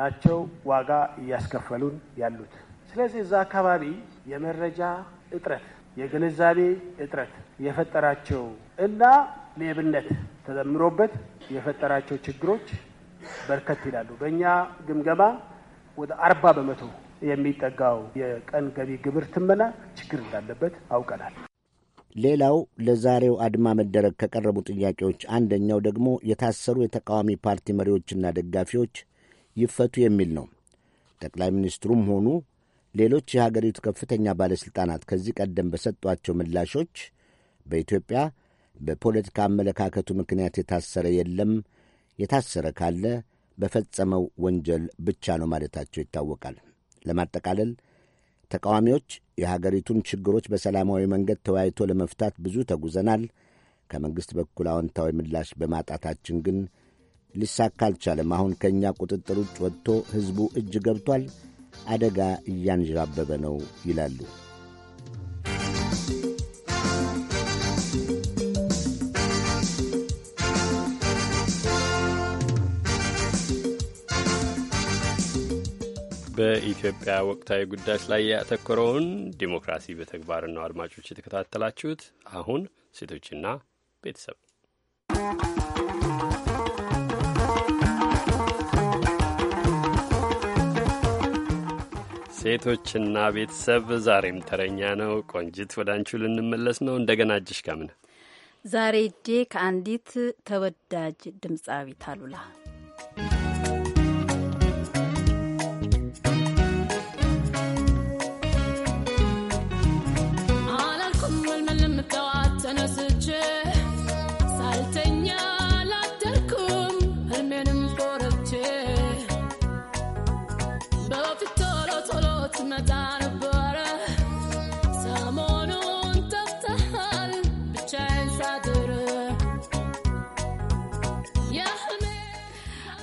ናቸው ዋጋ እያስከፈሉን ያሉት። ስለዚህ እዛ አካባቢ የመረጃ እጥረት፣ የግንዛቤ እጥረት የፈጠራቸው እና ሌብነት ተደምሮበት የፈጠራቸው ችግሮች በርከት ይላሉ። በእኛ ግምገማ ወደ አርባ በመቶ የሚጠጋው የቀን ገቢ ግብር ትመና ችግር እንዳለበት አውቀናል። ሌላው ለዛሬው አድማ መደረግ ከቀረቡ ጥያቄዎች አንደኛው ደግሞ የታሰሩ የተቃዋሚ ፓርቲ መሪዎችና ደጋፊዎች ይፈቱ የሚል ነው። ጠቅላይ ሚኒስትሩም ሆኑ ሌሎች የሀገሪቱ ከፍተኛ ባለሥልጣናት ከዚህ ቀደም በሰጧቸው ምላሾች በኢትዮጵያ በፖለቲካ አመለካከቱ ምክንያት የታሰረ የለም፣ የታሰረ ካለ በፈጸመው ወንጀል ብቻ ነው ማለታቸው ይታወቃል። ለማጠቃለል ተቃዋሚዎች የሀገሪቱን ችግሮች በሰላማዊ መንገድ ተወያይቶ ለመፍታት ብዙ ተጉዘናል። ከመንግሥት በኩል አዎንታዊ ምላሽ በማጣታችን ግን ሊሳካ አልቻለም። አሁን ከእኛ ቁጥጥር ውጭ ወጥቶ ሕዝቡ እጅ ገብቷል፣ አደጋ እያንዣበበ ነው ይላሉ። በኢትዮጵያ ወቅታዊ ጉዳዮች ላይ ያተኮረውን ዲሞክራሲ በተግባር ነው አድማጮች የተከታተላችሁት። አሁን ሴቶችና ቤተሰብ ሴቶችና ቤተሰብ ዛሬም ተረኛ ነው። ቆንጅት ወደ አንቺው ልንመለስ ነው። እንደገና እጅሽ ከምን ዛሬ እጄ ከአንዲት ተወዳጅ ድምፃዊት አሉላ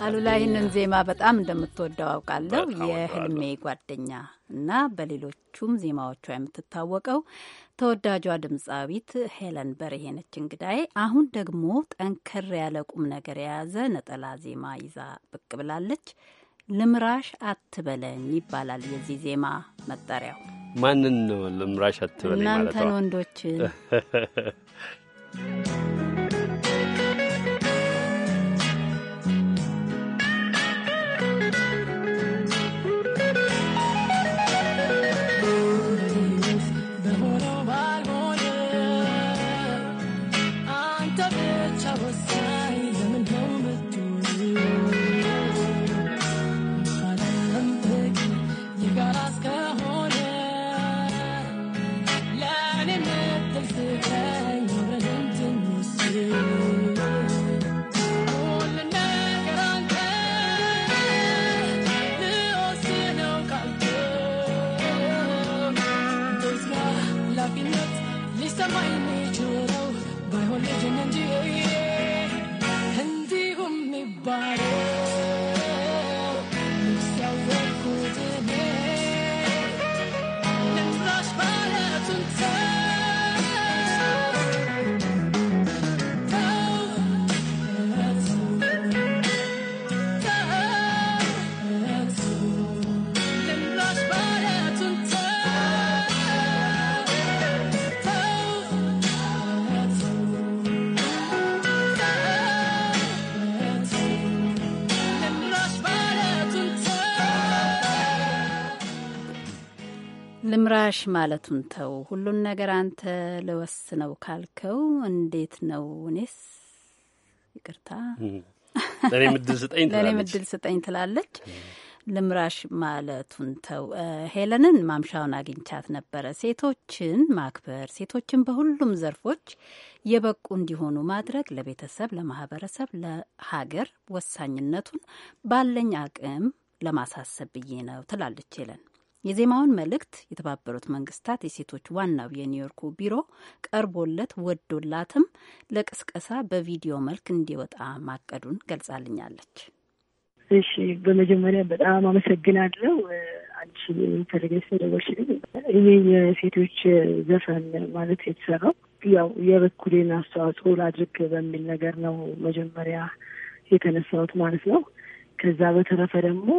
አሉላ ይህንን ዜማ በጣም እንደምትወደው አውቃለሁ። የህልሜ ጓደኛ እና በሌሎቹም ዜማዎቿ የምትታወቀው ተወዳጇ ድምፃዊት ሄለን በርሄ ነች እንግዳዬ። አሁን ደግሞ ጠንከር ያለ ቁም ነገር የያዘ ነጠላ ዜማ ይዛ ብቅ ብላለች። ልምራሽ አትበለኝ ይባላል የዚህ ዜማ መጠሪያው። ማንን ነው ልምራሽ አትበለኝ ማለት ነው? እናንተን ወንዶችን (laughs) someone ልምራሽ ማለቱን ተው። ሁሉን ነገር አንተ ለወስነው ካልከው እንዴት ነው? እኔስ ይቅርታ፣ ለእኔ ምድል ስጠኝ ትላለች። ልምራሽ ማለቱን ተው። ሄለንን ማምሻውን አግኝቻት ነበረ። ሴቶችን ማክበር፣ ሴቶችን በሁሉም ዘርፎች የበቁ እንዲሆኑ ማድረግ ለቤተሰብ፣ ለማህበረሰብ፣ ለሀገር ወሳኝነቱን ባለኝ አቅም ለማሳሰብ ብዬ ነው ትላለች ሄለን። የዜማውን መልእክት የተባበሩት መንግስታት የሴቶች ዋናው የኒውዮርኩ ቢሮ ቀርቦለት ወዶላትም ለቅስቀሳ በቪዲዮ መልክ እንዲወጣ ማቀዱን ገልጻልኛለች። እሺ፣ በመጀመሪያ በጣም አመሰግናለሁ። አንቺ ኢንተሊጀንስ ደቦች ይሄ የሴቶች ዘፈን ማለት የተሰራው ያው የበኩሌን አስተዋጽኦ ላድርግ በሚል ነገር ነው መጀመሪያ የተነሳሁት ማለት ነው። ከዛ በተረፈ ደግሞ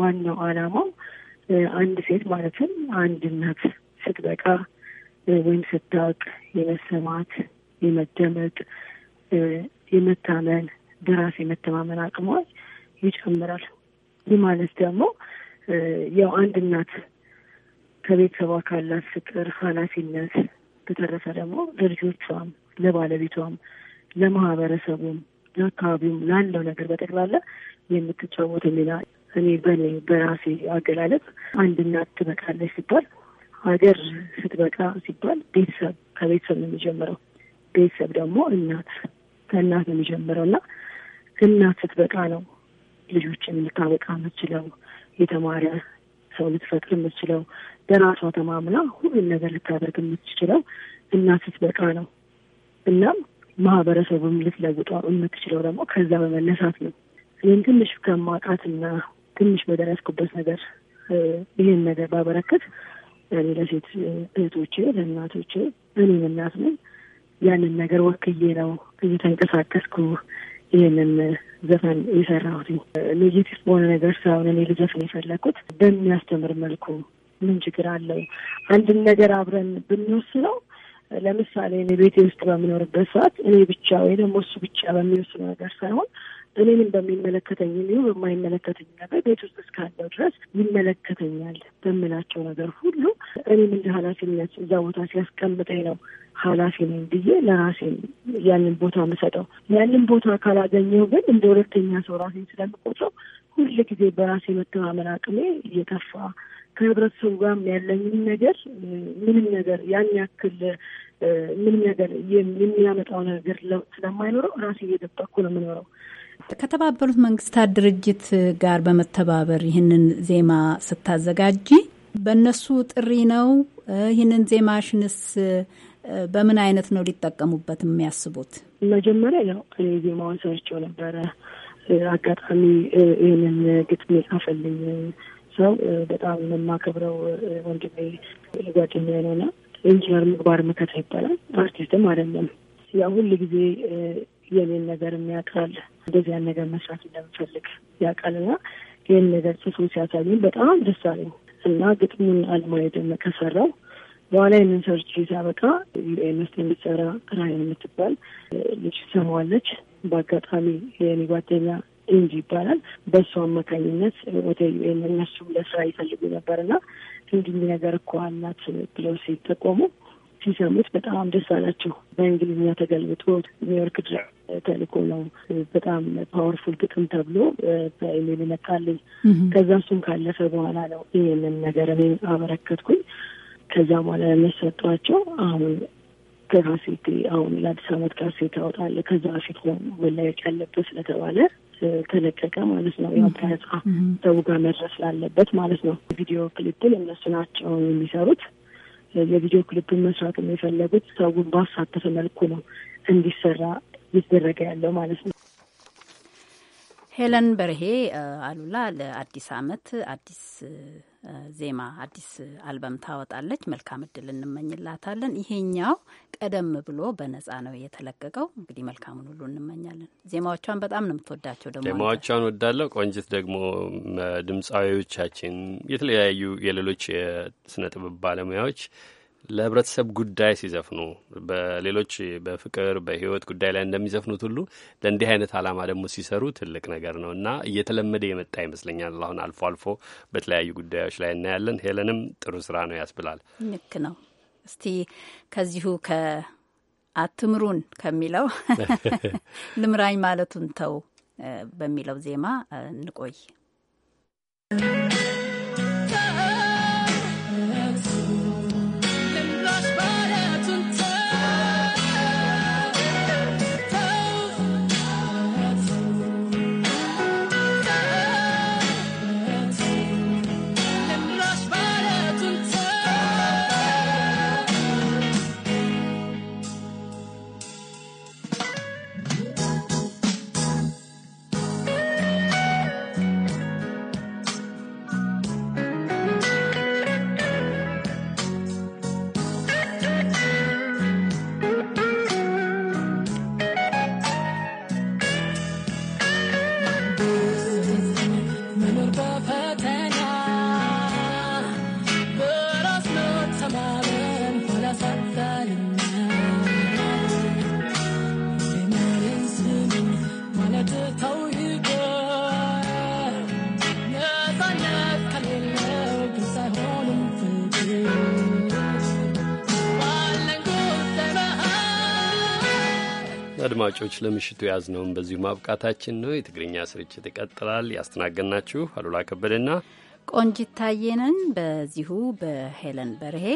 ዋናው አላማው አንድ ሴት ማለትም አንድ እናት ስትበቃ ወይም ስትዳቅ የመሰማት የመደመጥ የመታመን በራስ የመተማመን አቅሟ ይጨምራል። ይህ ማለት ደግሞ ያው አንድ እናት ከቤተሰቧ ካላት ፍቅር፣ ኃላፊነት በተረፈ ደግሞ ለልጆቿም፣ ለባለቤቷም፣ ለማህበረሰቡም፣ ለአካባቢውም ላለው ነገር በጠቅላላ የምትጫወተው ሚና እኔ በኔ በራሴ አገላለጽ አንድ እናት ትበቃለች ሲባል ሀገር ስትበቃ ሲባል ቤተሰብ ከቤተሰብ ነው የሚጀምረው። ቤተሰብ ደግሞ እናት ከእናት ነው የሚጀምረው እና እናት ስትበቃ ነው ልጆችን ልታበቃ የምችለው የተማረ ሰው ልትፈጥር የምትችለው በራሷ ተማምና ሁሉን ነገር ልታደርግ የምትችለው እናት ስትበቃ ነው። እናም ማህበረሰቡም ልትለውጠው የምትችለው ደግሞ ከዛ በመነሳት ነው። ይህን ትንሽ ከማውቃትና ትንሽ በደረስኩበት ነገር ይህን ነገር ባበረከት እኔ ለሴት እህቶቼ፣ ለእናቶቼ እኔም እናት ነኝ ያንን ነገር ወክዬ ነው እየተንቀሳቀስኩ ይህንን ዘፈን የሰራሁት። ኔጌቲቭ በሆነ ነገር ሳይሆን እኔ ልዘፍን የፈለግኩት በሚያስተምር መልኩ ምን ችግር አለው? አንድን ነገር አብረን ብንወስነው፣ ለምሳሌ እኔ ቤቴ ውስጥ በምኖርበት ሰዓት እኔ ብቻ ወይ ደግሞ እሱ ብቻ በሚወስነው ነገር ሳይሆን እኔንም በሚመለከተኝ የሚሆን በማይመለከተኝ ነገር ቤት ውስጥ እስካለው ድረስ ይመለከተኛል በምላቸው ነገር ሁሉ እኔም እንደ ኃላፊነት እዛ ቦታ ሲያስቀምጠኝ ነው ኃላፊ ነኝ ብዬ ለራሴ ያንን ቦታ የምሰጠው። ያንን ቦታ ካላገኘው ግን እንደ ሁለተኛ ሰው ራሴን ስለምቆጥረው ሁል ጊዜ በራሴ መተማመን አቅሜ እየጠፋ ከህብረተሰቡ ጋር ያለኝን ነገር ምንም ነገር ያን ያክል ምንም ነገር የሚያመጣው ነገር ስለማይኖረው ራሴ እየደበኩ ነው የምኖረው። ከተባበሩት መንግስታት ድርጅት ጋር በመተባበር ይህንን ዜማ ስታዘጋጂ በእነሱ ጥሪ ነው? ይህንን ዜማሽንስ በምን አይነት ነው ሊጠቀሙበት የሚያስቡት? መጀመሪያ ያው እኔ ዜማውን ሰርቼው ነበረ። አጋጣሚ ይህንን ግጥም የጻፈልኝ ሰው በጣም የማከብረው ወንድሜ ጓደኛ ነውና ኢንጂነር ምግባር መከታ ይባላል። አርቲስትም አይደለም። ያው ሁል ጊዜ የኔን ነገር የሚያውቃል እንደዚህ ያን ነገር መስራት እንደምፈልግ ያውቃልና ይህን ነገር ጽፎ ሲያሳየኝ በጣም ደስ አለኝ እና ግጥሙን አልማየ ደመቀ ሰራው። በኋላ ይህንን ሰርች ሲያበቃ ዩኤን ውስጥ የምትሰራ ራይን የምትባል ልጅ ሰማዋለች። በአጋጣሚ የኔ ጓደኛ እንጂ ይባላል። በእሱ አማካኝነት ወደ ዩኤን እነሱ ለስራ ይፈልጉ ነበር ነበርና እንዲህ ነገር እኮ አላት ብለው ሲጠቆሙ ሲሰሙት በጣም ደስ አላቸው። በእንግሊዝኛ ተገልብጦ ኒውዮርክ ድረስ ተልኮ ነው። በጣም ፓወርፉል ግጥም ተብሎ በኢሜል ይመጣልኝ። ከዛ እሱም ካለፈ በኋላ ነው ይህንን ነገር እኔ አበረከትኩኝ። ከዛ በኋላ የሚሰጧቸው አሁን ከካሴት አሁን ለአዲስ ዓመት ካሴት ታወጣለ። ከዛ በፊት ነው መለቀቅ ያለበት ስለተባለ ተለቀቀ ማለት ነው። ያው ከነጻ ሰው ጋር መድረስ ስላለበት ማለት ነው። ቪዲዮ ክሊፕን እነሱ ናቸው የሚሰሩት። የቪዲዮ ክሊፕን መስራት የፈለጉት ሰውን ባሳተፈ መልኩ ነው እንዲሰራ ይደረገ ያለው ማለት ነው። ሄለን በርሄ አሉላ ለአዲስ አመት ። አዲስ ዜማ አዲስ አልበም ታወጣለች። መልካም እድል እንመኝላታለን። ይሄኛው ቀደም ብሎ በነጻ ነው የተለቀቀው። እንግዲህ መልካሙን ሁሉ እንመኛለን። ዜማዎቿን በጣም ነው የምትወዳቸው። ደግሞ ዜማዎቿን ወዳለሁ። ቆንጅት ደግሞ ድምፃዊዎቻችን፣ የተለያዩ የሌሎች የስነ ጥበብ ባለሙያዎች ለህብረተሰብ ጉዳይ ሲዘፍኑ በሌሎች በፍቅር በህይወት ጉዳይ ላይ እንደሚዘፍኑት ሁሉ ለእንዲህ አይነት አላማ ደግሞ ሲሰሩ ትልቅ ነገር ነው እና እየተለመደ የመጣ ይመስለኛል። አሁን አልፎ አልፎ በተለያዩ ጉዳዮች ላይ እናያለን። ሄለንም ጥሩ ስራ ነው ያስብላል። ልክ ነው። እስቲ ከዚሁ ከአትምሩን ከሚለው (laughs) ልምራኝ ማለቱን ተው በሚለው ዜማ እንቆይ። አድማጮች ለምሽቱ የያዝነውን በዚሁ ማብቃታችን ነው። የትግርኛ ስርጭት ይቀጥላል። ያስተናገድናችሁ አሉላ ከበደና ቆንጂት ታየንን በዚሁ በሄለን በርሄ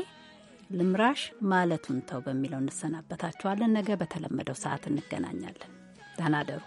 ልምራሽ ማለቱን ተው በሚለው እንሰናበታችኋለን። ነገ በተለመደው ሰዓት እንገናኛለን። ደህና ደሩ።